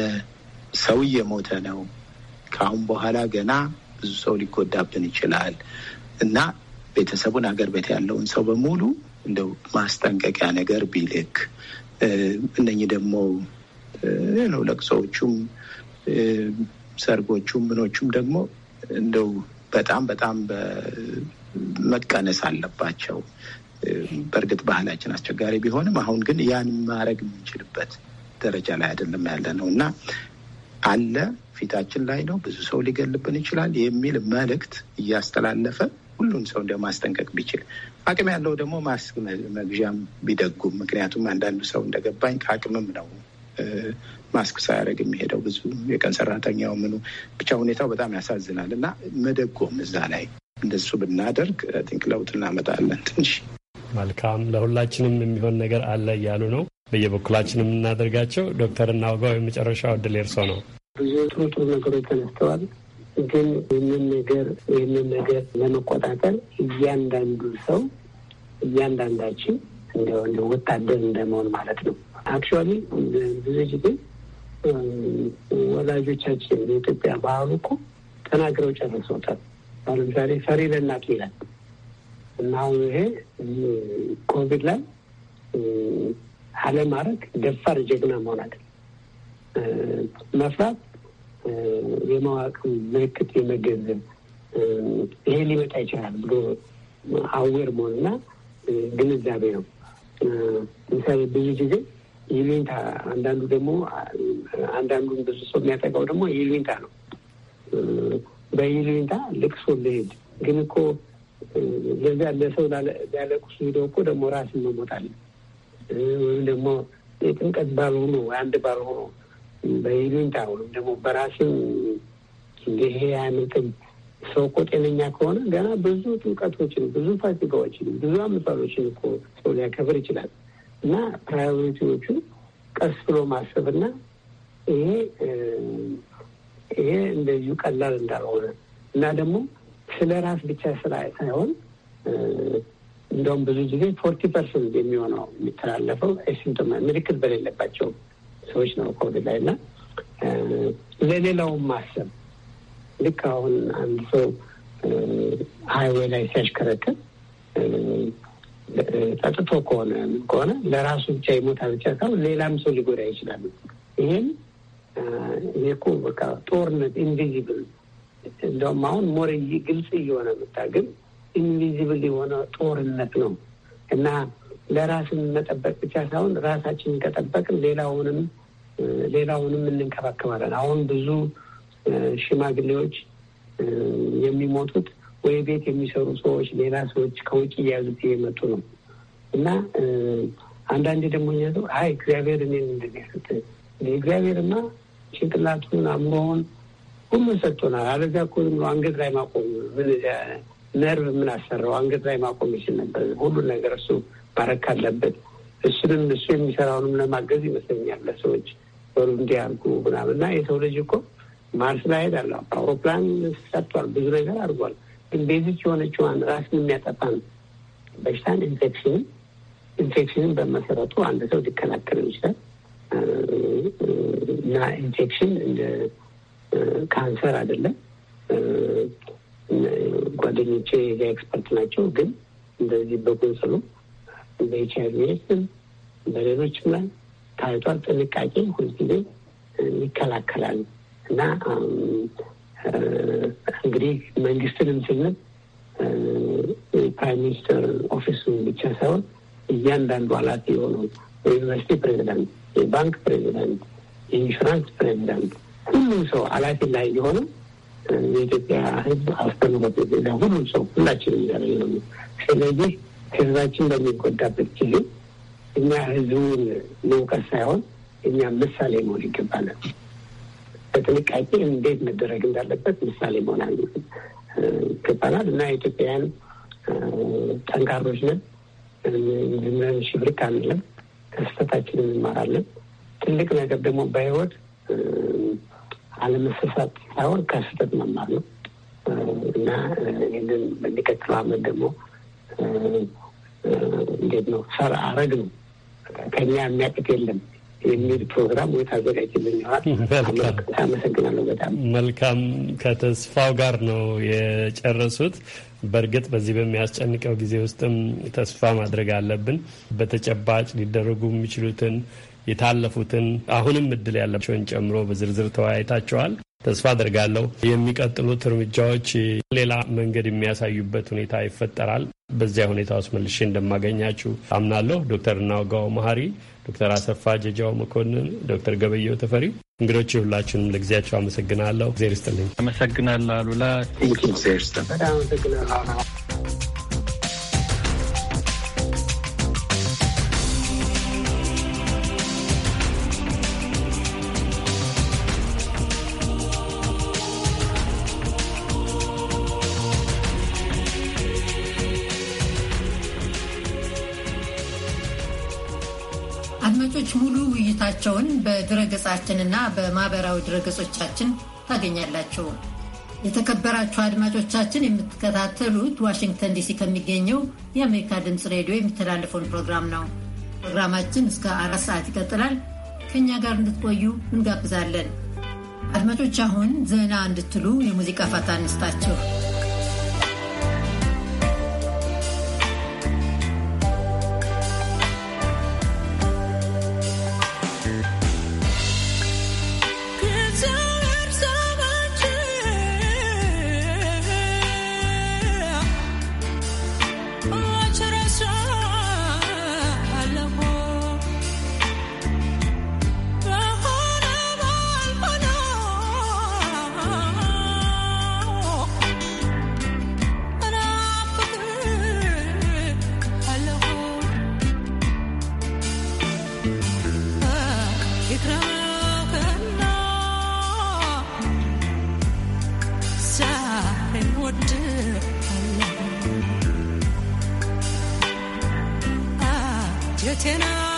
ሰው እየሞተ ነው። ከአሁን በኋላ ገና ብዙ ሰው ሊጎዳብን ይችላል እና ቤተሰቡን አገር ቤት ያለውን ሰው በሙሉ እንደው ማስጠንቀቂያ ነገር ቢልክ እነኚህ ደግሞ ነው ለቅሶዎቹም ሰርጎቹም ምኖቹም ደግሞ እንደው በጣም በጣም መቀነስ አለባቸው። በእርግጥ ባህላችን አስቸጋሪ ቢሆንም አሁን ግን ያን ማድረግ የምንችልበት ደረጃ ላይ አይደለም ያለ ነው እና አለ፣ ፊታችን ላይ ነው፣ ብዙ ሰው ሊገልብን ይችላል የሚል መልእክት እያስተላለፈ ሁሉን ሰው እንደ ማስጠንቀቅ ቢችል አቅም ያለው ደግሞ ማስክ መግዣም ቢደጉም። ምክንያቱም አንዳንዱ ሰው እንደገባኝ ከአቅምም ነው ማስክ ሳያደርግ የሚሄደው ብዙ የቀን ሰራተኛው ምኑ ብቻ ሁኔታው በጣም ያሳዝናል። እና መደጎም እዛ ላይ እንደሱ ብናደርግ ቲንክ ለውጥ እናመጣለን። ትንሽ መልካም ለሁላችንም የሚሆን ነገር አለ እያሉ ነው። በየበኩላችን የምናደርጋቸው። ዶክተር እናውጋው የመጨረሻው ዕድል የርሶ ነው። ብዙ ጥሩ ጥሩ ነገሮች ተነስተዋል። ግን ይህንን ነገር ይህንን ነገር ለመቆጣጠር እያንዳንዱ ሰው እያንዳንዳችን እንደ ወታደር እንደመሆን ማለት ነው። አክቹዋሊ ብዙ ጊዜ ወላጆቻችን በኢትዮጵያ ባህሉ እኮ ተናግረው ጨርሰውታል። ባለምሳሌ ለምሳሌ ፈሪ ለእናት ይላል እና አሁን ይሄ ኮቪድ ላይ አለማድረግ ደፋር ጀግና መሆን አለ መፍራት የማወቅ ምልክት የመገንዘብ ይሄ ሊመጣ ይችላል ብሎ አዌር መሆንና ግንዛቤ ነው። ምሳሌ ብዙ ጊዜ ይሉኝታ፣ አንዳንዱ ደግሞ አንዳንዱን ብዙ ሰው የሚያጠቃው ደግሞ ይሉኝታ ነው። በይሉኝታ ልቅሶ ልሄድ ግን እኮ ለዚያ ለሰው ላለቁሱ ሄደው እኮ ደግሞ ራስን መሞት አለን ወይም ደግሞ የጥምቀት ባል ሆኖ አንድ ባል ሆኖ በይሉኝታ ወይም ደግሞ በራስም ይሄ አያምልጥም ሰው እኮ ጤነኛ ከሆነ ገና ብዙ ጥምቀቶችን፣ ብዙ ፋሲካዎችን፣ ብዙ አምሳሎችን እኮ ሰው ሊያከብር ይችላል። እና ፕራዮሪቲዎቹ ቀስ ብሎ ማሰብ ማሰብና ይሄ ይሄ እንደዚሁ ቀላል እንዳልሆነ እና ደግሞ ስለ ራስ ብቻ ስራ ሳይሆን እንደውም ብዙ ጊዜ ፎርቲ ፐርሰንት የሚሆነው የሚተላለፈው ኤሲምቶማ ምልክት በሌለባቸው ሰዎች ነው ኮቪድ ላይ እና ለሌላውም ማሰብ ልክ አሁን አንድ ሰው ሀይዌ ላይ ሲያሽከረክር ጠጥቶ ከሆነ ምን ከሆነ ለራሱ ብቻ ይሞታል ብቻ ሳይሆን ሌላም ሰው ሊጎዳ ይችላል። ይህም እኮ በቃ ጦርነት ኢንቪዚብል እንደውም አሁን ሞር ግልጽ እየሆነ መጣ ግን ኢንቪዚብል የሆነ ጦርነት ነው እና ለራስን መጠበቅ ብቻ ሳይሆን ራሳችንን ከጠበቅን ሌላውንም ሌላውንም እንንከባከባለን። አሁን ብዙ ሽማግሌዎች የሚሞቱት ወይ ቤት የሚሰሩ ሰዎች፣ ሌላ ሰዎች ከውጭ እየያዙት እየመጡ ነው እና አንዳንዴ ደግሞ እኛ ሰው አይ እግዚአብሔር እኔን እንደሚያስት እግዚአብሔርማ ጭንቅላቱን አምሮውን ሁሉ ሰጥቶናል። አለዚያ እኮ ዝም ብሎ አንገት ላይ ማቆም ምን ነርቭ ምን አሰራው አንገት ላይ ማቆም ይችል ነበር። ሁሉን ነገር እሱ ማረክ አለበት። እሱንም እሱ የሚሰራውንም ለማገዝ ይመስለኛል ለሰዎች በሩ እንዲያርጉ ምናምን እና የሰው ልጅ እኮ ማርስ ላይ ሄዳለ፣ አውሮፕላን ሰጥቷል፣ ብዙ ነገር አድርጓል። ግን ቤዚች የሆነችዋን ራስን የሚያጠፋን በሽታን ኢንፌክሽንን ኢንፌክሽንን በመሰረቱ አንድ ሰው ሊከላከል ይችላል እና ኢንፌክሽን እንደ ካንሰር አይደለም ጓደኞቼ ኤክስፐርት ናቸው። ግን እንደዚህ በቁንጽሉ በኤች አይቪ ኤድስም በሌሎችም ላይ ታይቷል። ጥንቃቄ ሁልጊዜ ይከላከላል እና እንግዲህ መንግስትንም ስንል ፕራይም ሚኒስተር ኦፊሱን ብቻ ሳይሆን እያንዳንዱ ኃላፊ የሆነው የዩኒቨርሲቲ ፕሬዚዳንት፣ የባንክ ፕሬዚዳንት፣ የኢንሹራንስ ፕሬዚዳንት ሁሉም ሰው ኃላፊ ላይ የሆነው የኢትዮጵያ ሕዝብ አስተምሮት ዜጋ ሁሉም ሰው ሁላችን እያለ ነው። ስለዚህ ሕዝባችን በሚጎዳበት ጊዜ እኛ ሕዝቡን መውቀስ ሳይሆን እኛ ምሳሌ መሆን ይገባናል። በጥንቃቄ እንዴት መደረግ እንዳለበት ምሳሌ መሆን ይገባናል እና ኢትዮጵያውያን ጠንካሮች ነን። ዝምረን ሽብርክ አንለም። ከስህተታችን እንማራለን። ትልቅ ነገር ደግሞ በሕይወት አለመሳሳት ሳይሆን ከስህተት መማር ነው እና ይህንን በሚቀጥለው አመት ደግሞ እንዴት ነው ሰር አረግ ነው ከኛ የሚያቅት የለም የሚል ፕሮግራም ወይ መልካም። ከተስፋው ጋር ነው የጨረሱት። በእርግጥ በዚህ በሚያስጨንቀው ጊዜ ውስጥም ተስፋ ማድረግ አለብን። በተጨባጭ ሊደረጉ የሚችሉትን የታለፉትን አሁንም እድል ያላቸውን ጨምሮ በዝርዝር ተወያይታቸዋል። ተስፋ አድርጋለሁ የሚቀጥሉት እርምጃዎች ሌላ መንገድ የሚያሳዩበት ሁኔታ ይፈጠራል። በዚያ ሁኔታ ውስጥ መልሼ እንደማገኛችሁ አምናለሁ። ዶክተር እናውጋው መሀሪ፣ ዶክተር አሰፋ ጀጃው መኮንን፣ ዶክተር ገበየው ተፈሪ እንግዶች ሁላችሁንም ለጊዜያቸው አመሰግናለሁ። እግዜር ይስጥልኝ። አመሰግናለሁ አሉላ። እግዜር ይስጥልኝ። በድረገጻችንና በማህበራዊ ድረገጾቻችን ታገኛላችሁ። የተከበራችሁ አድማጮቻችን የምትከታተሉት ዋሽንግተን ዲሲ ከሚገኘው የአሜሪካ ድምፅ ሬዲዮ የሚተላለፈውን ፕሮግራም ነው። ፕሮግራማችን እስከ አራት ሰዓት ይቀጥላል። ከእኛ ጋር እንድትቆዩ እንጋብዛለን። አድማጮች አሁን ዘና እንድትሉ የሙዚቃ ፋታ አንስታችሁ። I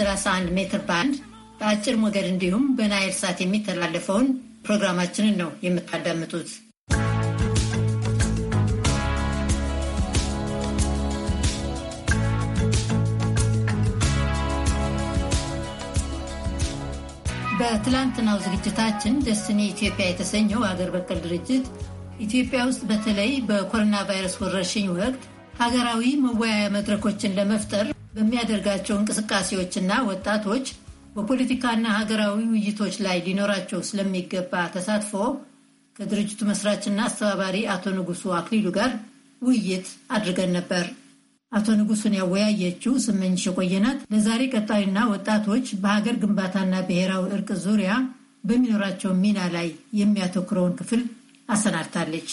31 ሜትር ባንድ በአጭር ሞገድ እንዲሁም በናይል ሳት የሚተላለፈውን ፕሮግራማችንን ነው የምታዳምጡት። በትላንትናው ዝግጅታችን ደስኒ ኢትዮጵያ የተሰኘው አገር በቀል ድርጅት ኢትዮጵያ ውስጥ በተለይ በኮሮና ቫይረስ ወረርሽኝ ወቅት ሀገራዊ መወያያ መድረኮችን ለመፍጠር በሚያደርጋቸው እንቅስቃሴዎችና ወጣቶች በፖለቲካና ሀገራዊ ውይይቶች ላይ ሊኖራቸው ስለሚገባ ተሳትፎ ከድርጅቱ መስራችና አስተባባሪ አቶ ንጉሱ አክሊሉ ጋር ውይይት አድርገን ነበር። አቶ ንጉሱን ያወያየችው ስመኝሽ የቆየናት ለዛሬ ቀጣይና ወጣቶች በሀገር ግንባታና ብሔራዊ እርቅ ዙሪያ በሚኖራቸው ሚና ላይ የሚያተኩረውን ክፍል አሰናድታለች።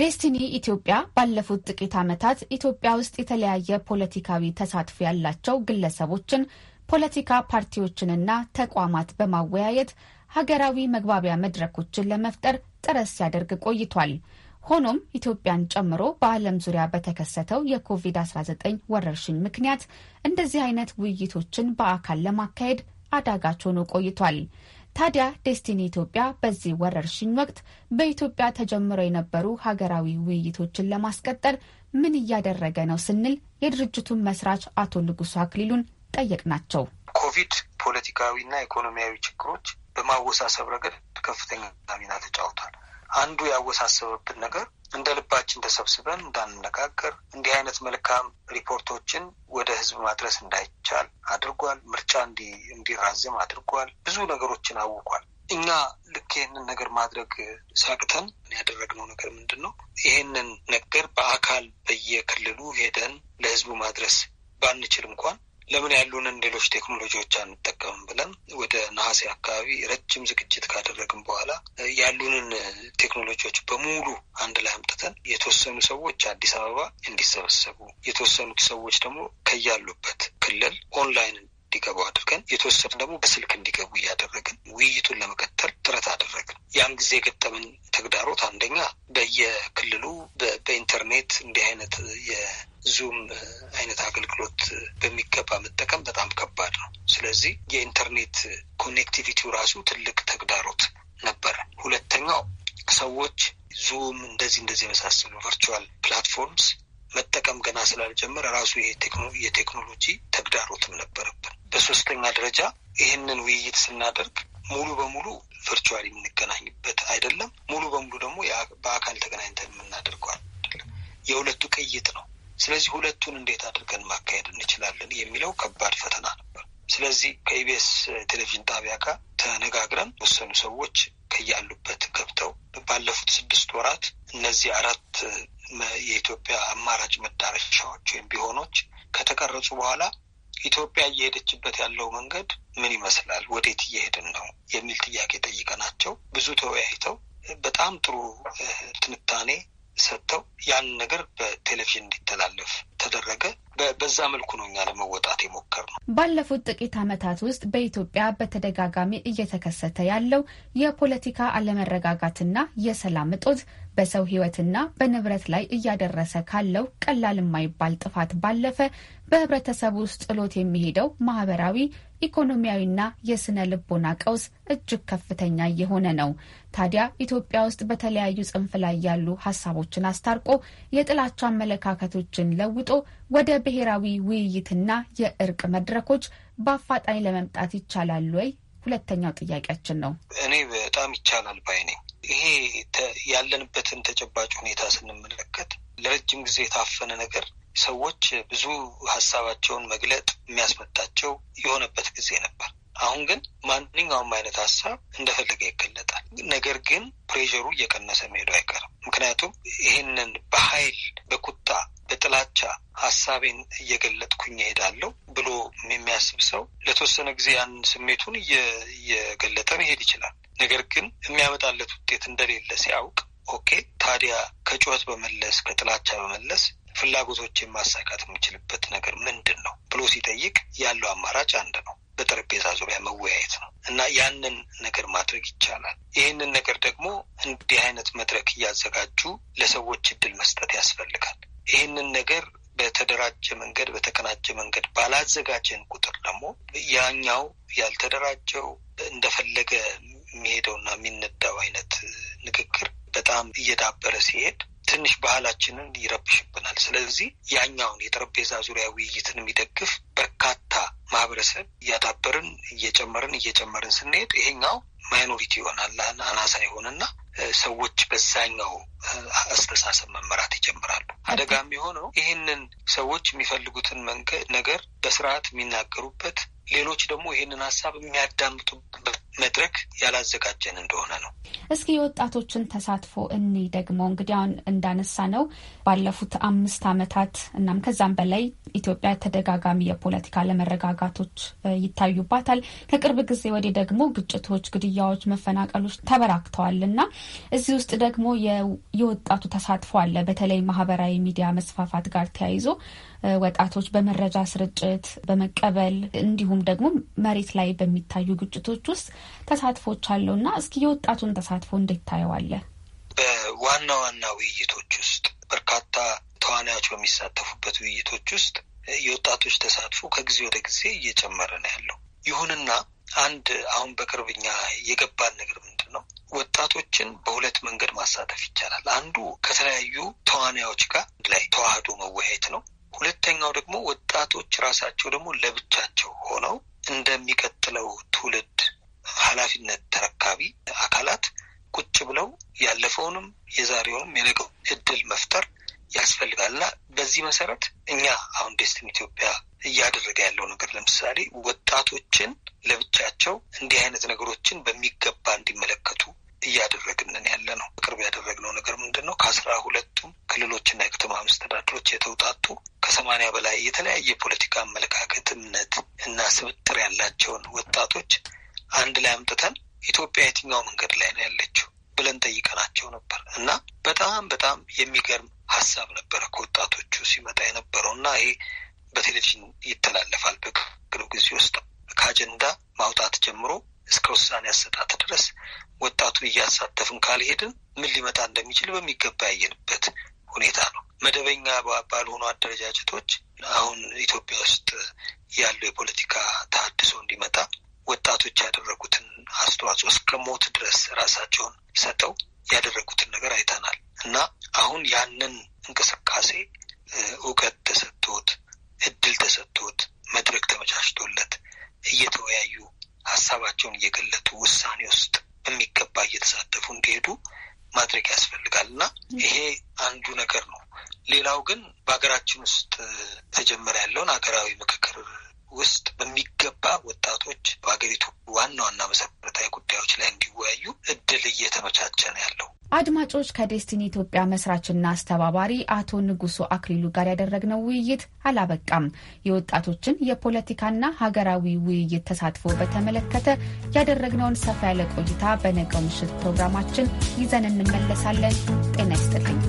ዴስቲኒ ኢትዮጵያ ባለፉት ጥቂት ዓመታት ኢትዮጵያ ውስጥ የተለያየ ፖለቲካዊ ተሳትፎ ያላቸው ግለሰቦችን፣ ፖለቲካ ፓርቲዎችንና ተቋማት በማወያየት ሀገራዊ መግባቢያ መድረኮችን ለመፍጠር ጥረት ሲያደርግ ቆይቷል። ሆኖም ኢትዮጵያን ጨምሮ በዓለም ዙሪያ በተከሰተው የኮቪድ-19 ወረርሽኝ ምክንያት እንደዚህ አይነት ውይይቶችን በአካል ለማካሄድ አዳጋች ሆኖ ቆይቷል። ታዲያ ዴስቲኒ ኢትዮጵያ በዚህ ወረርሽኝ ወቅት በኢትዮጵያ ተጀምረው የነበሩ ሀገራዊ ውይይቶችን ለማስቀጠል ምን እያደረገ ነው ስንል የድርጅቱን መስራች አቶ ንጉሱ አክሊሉን ጠየቅናቸው። ኮቪድ ፖለቲካዊና ኢኮኖሚያዊ ችግሮች በማወሳሰብ ረገድ ከፍተኛ ሚና ተጫውቷል። አንዱ ያወሳሰበብን ነገር እንደ ልባችን ተሰብስበን እንዳንነጋገር እንዲህ አይነት መልካም ሪፖርቶችን ወደ ህዝብ ማድረስ እንዳይቻል አድርጓል። ምርጫ እንዲራዘም አድርጓል። ብዙ ነገሮችን አውቋል። እኛ ልክ ይህንን ነገር ማድረግ ሲያቅተን ያደረግነው ነገር ምንድን ነው? ይህንን ነገር በአካል በየክልሉ ሄደን ለህዝቡ ማድረስ ባንችል እንኳን ለምን ያሉንን ሌሎች ቴክኖሎጂዎች አንጠቀምም ብለን ወደ ነሐሴ አካባቢ ረጅም ዝግጅት ካደረግን በኋላ ያሉንን ቴክኖሎጂዎች በሙሉ አንድ ላይ አምጥተን የተወሰኑ ሰዎች አዲስ አበባ እንዲሰበሰቡ፣ የተወሰኑት ሰዎች ደግሞ ከያሉበት ክልል ኦንላይን እንዲገቡ አድርገን የተወሰኑ ደግሞ በስልክ እንዲገቡ እያደረግን ውይይቱን ለመቀጠል ጥረት አደረግን። ያን ጊዜ የገጠምን ተግዳሮት አንደኛ በየክልሉ በኢንተርኔት እንዲህ አይነት ዙም አይነት አገልግሎት በሚገባ መጠቀም በጣም ከባድ ነው። ስለዚህ የኢንተርኔት ኮኔክቲቪቲው ራሱ ትልቅ ተግዳሮት ነበረ። ሁለተኛው ሰዎች ዙም እንደዚህ እንደዚህ የመሳሰሉ ቨርቹዋል ፕላትፎርምስ መጠቀም ገና ስላልጀመረ ራሱ የቴክኖሎጂ ተግዳሮትም ነበረብን። በሶስተኛ ደረጃ ይህንን ውይይት ስናደርግ ሙሉ በሙሉ ቨርቹዋል የምንገናኝበት አይደለም፣ ሙሉ በሙሉ ደግሞ በአካል ተገናኝተን የምናደርገው አይደለም። የሁለቱ ቅይጥ ነው። ስለዚህ ሁለቱን እንዴት አድርገን ማካሄድ እንችላለን የሚለው ከባድ ፈተና ነበር። ስለዚህ ከኢቢኤስ ቴሌቪዥን ጣቢያ ጋር ተነጋግረን ወሰኑ ሰዎች ከያሉበት ገብተው ባለፉት ስድስት ወራት እነዚህ አራት የኢትዮጵያ አማራጭ መዳረሻዎች ወይም ቢሆኖች ከተቀረጹ በኋላ ኢትዮጵያ እየሄደችበት ያለው መንገድ ምን ይመስላል፣ ወዴት እየሄድን ነው የሚል ጥያቄ ጠይቀናቸው ብዙ ተወያይተው በጣም ጥሩ ትንታኔ ሰጥተው ያን ነገር በቴሌቪዥን እንዲተላለፍ ተደረገ። በዛ መልኩ ነው እኛ ለመወጣት የሞከር ነው። ባለፉት ጥቂት ዓመታት ውስጥ በኢትዮጵያ በተደጋጋሚ እየተከሰተ ያለው የፖለቲካ አለመረጋጋትና የሰላም እጦት በሰው ሕይወትና በንብረት ላይ እያደረሰ ካለው ቀላል የማይባል ጥፋት ባለፈ በኅብረተሰብ ውስጥ ጥሎት የሚሄደው ማህበራዊ ኢኮኖሚያዊና የስነ ልቦና ቀውስ እጅግ ከፍተኛ እየሆነ ነው። ታዲያ ኢትዮጵያ ውስጥ በተለያዩ ጽንፍ ላይ ያሉ ሀሳቦችን አስታርቆ የጥላቻ አመለካከቶችን ለውጦ ወደ ብሔራዊ ውይይትና የእርቅ መድረኮች በአፋጣኝ ለመምጣት ይቻላል ወይ? ሁለተኛው ጥያቄያችን ነው። እኔ በጣም ይቻላል ባይ ነኝ። ይሄ ያለንበትን ተጨባጭ ሁኔታ ስንመለከት ለረጅም ጊዜ የታፈነ ነገር ሰዎች ብዙ ሀሳባቸውን መግለጥ የሚያስመጣቸው የሆነበት ጊዜ ነበር። አሁን ግን ማንኛውም አይነት ሀሳብ እንደፈለገ ይገለጣል። ነገር ግን ፕሬሸሩ እየቀነሰ መሄዱ አይቀርም። ምክንያቱም ይህንን በኃይል በቁጣ በጥላቻ ሀሳቤን እየገለጥኩኝ እሄዳለሁ ብሎ የሚያስብ ሰው ለተወሰነ ጊዜ ያን ስሜቱን እየገለጠ መሄድ ይችላል። ነገር ግን የሚያመጣለት ውጤት እንደሌለ ሲያውቅ ኦኬ ታዲያ ከጩኸት በመለስ ከጥላቻ በመለስ ፍላጎቶችን ማሳካት የምችልበት ነገር ምንድን ነው ብሎ ሲጠይቅ ያለው አማራጭ አንድ ነው፣ በጠረጴዛ ዙሪያ መወያየት ነው እና ያንን ነገር ማድረግ ይቻላል። ይህንን ነገር ደግሞ እንዲህ አይነት መድረክ እያዘጋጁ ለሰዎች እድል መስጠት ያስፈልጋል። ይህንን ነገር በተደራጀ መንገድ በተቀናጀ መንገድ ባላዘጋጀን ቁጥር ደግሞ ያኛው ያልተደራጀው እንደፈለገ የሚሄደውና የሚነዳው አይነት ንግግር በጣም እየዳበረ ሲሄድ ትንሽ ባህላችንን ይረብሽብናል። ስለዚህ ያኛውን የጠረጴዛ ዙሪያ ውይይትን የሚደግፍ በርካታ ማህበረሰብ እያዳበርን እየጨመርን እየጨመርን ስንሄድ ይሄኛው ማይኖሪቲ ይሆናል፣ አናሳ ይሆንና ሰዎች በዛኛው አስተሳሰብ መመራት ይጀምራሉ። አደጋ የሚሆነው ይህንን ሰዎች የሚፈልጉትን ነገር በስርዓት የሚናገሩበት ሌሎች ደግሞ ይህንን ሀሳብ የሚያዳምጡበት መድረክ ያላዘጋጀን እንደሆነ ነው። እስኪ የወጣቶችን ተሳትፎ እኒ ደግሞ እንግዲህ አሁን እንዳነሳ ነው ባለፉት አምስት ዓመታት እናም ከዛም በላይ ኢትዮጵያ ተደጋጋሚ የፖለቲካ አለመረጋጋቶች ይታዩባታል። ከቅርብ ጊዜ ወዲህ ደግሞ ግጭቶች፣ ግድያዎች፣ መፈናቀሎች ተበራክተዋል እና እዚህ ውስጥ ደግሞ የወጣቱ ተሳትፎ አለ። በተለይ ማህበራዊ ሚዲያ መስፋፋት ጋር ተያይዞ ወጣቶች በመረጃ ስርጭት በመቀበል እንዲሁም ደግሞ መሬት ላይ በሚታዩ ግጭቶች ውስጥ ተሳትፎች አለውና እስኪ የወጣቱን ተሳትፎ እንዴት ታየዋለህ? በዋና ዋና ውይይቶች ውስጥ በርካታ ተዋናዮች በሚሳተፉበት ውይይቶች ውስጥ የወጣቶች ተሳትፎ ከጊዜ ወደ ጊዜ እየጨመረ ነው ያለው። ይሁንና አንድ አሁን በቅርብኛ የገባን ነገር ምንድን ነው፣ ወጣቶችን በሁለት መንገድ ማሳተፍ ይቻላል። አንዱ ከተለያዩ ተዋናዮች ጋር ላይ ተዋህዶ መወያየት ነው። ሁለተኛው ደግሞ ወጣቶች ራሳቸው ደግሞ ለብቻቸው ሆነው እንደሚቀጥለው ትውልድ ኃላፊነት ተረካቢ አካላት ቁጭ ብለው ያለፈውንም የዛሬውንም የነገው እድል መፍጠር ያስፈልጋልና በዚህ መሰረት እኛ አሁን ዴስቲኒ ኢትዮጵያ እያደረገ ያለው ነገር ለምሳሌ ወጣቶችን ለብቻቸው እንዲህ አይነት ነገሮችን በሚገባ እንዲመለከቱ እያደረግንን ያለ ነው። በቅርብ ያደረግነው ነገር ምንድን ነው? ከአስራ ሁለቱም ክልሎችና የከተማ መስተዳድሮች የተውጣጡ ከሰማንያ በላይ የተለያየ ፖለቲካ አመለካከት፣ እምነት እና ስብጥር ያላቸውን ወጣቶች አንድ ላይ አምጥተን ኢትዮጵያ የትኛው መንገድ ላይ ነው ያለችው ብለን ጠይቀናቸው ነበር እና በጣም በጣም የሚገርም ሀሳብ ነበረ ከወጣቶቹ ሲመጣ የነበረው እና ይሄ በቴሌቪዥን ይተላለፋል። በቅርብ ጊዜ ውስጥ ከአጀንዳ ማውጣት ጀምሮ እስከ ውሳኔ አሰጣት ድረስ ወጣቱን እያሳተፍን ካልሄድን ምን ሊመጣ እንደሚችል በሚገባ ያየንበት ሁኔታ ነው። መደበኛ ባልሆኑ አደረጃጀቶች አሁን ኢትዮጵያ ውስጥ ያለው የፖለቲካ ተሃድሶ እንዲመጣ ወጣቶች ያደረጉትን አስተዋጽኦ እስከ ሞት ድረስ ራሳቸውን ሰጠው ያደረጉትን ነገር አይተናል እና አሁን ያንን እንቅስቃሴ እውቀት ተሰጥቶት እድል ተሰጥቶት መድረክ ተመቻችቶለት እየተወያዩ ሀሳባቸውን እየገለጡ ውሳኔ ውስጥ በሚገባ እየተሳተፉ እንዲሄዱ ማድረግ ያስፈልጋል እና ይሄ አንዱ ነገር ነው። ሌላው ግን በሀገራችን ውስጥ ተጀመረ ያለውን ሀገራዊ ምክክር ውስጥ በሚገባ ወጣቶች በሀገሪቱ ዋና ዋና መሰረታዊ ጉዳዮች ላይ እንዲወያዩ እድል እየተመቻቸ ነው ያለው። አድማጮች ከዴስቲኒ ኢትዮጵያ መስራችና አስተባባሪ አቶ ንጉሱ አክሊሉ ጋር ያደረግነው ውይይት አላበቃም። የወጣቶችን የፖለቲካና ሀገራዊ ውይይት ተሳትፎ በተመለከተ ያደረግነውን ሰፋ ያለ ቆይታ በነገው ምሽት ፕሮግራማችን ይዘን እንመለሳለን። ጤና ይስጥልኝ።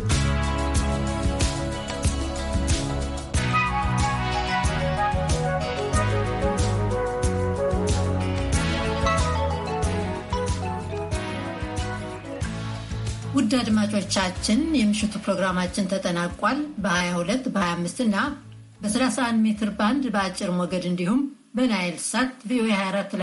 ውድ አድማጮቻችን የምሽቱ ፕሮግራማችን ተጠናቋል። በ22 በ25 እና በ31 ሜትር ባንድ በአጭር ሞገድ እንዲሁም በናይል ሳት ቪኦኤ 24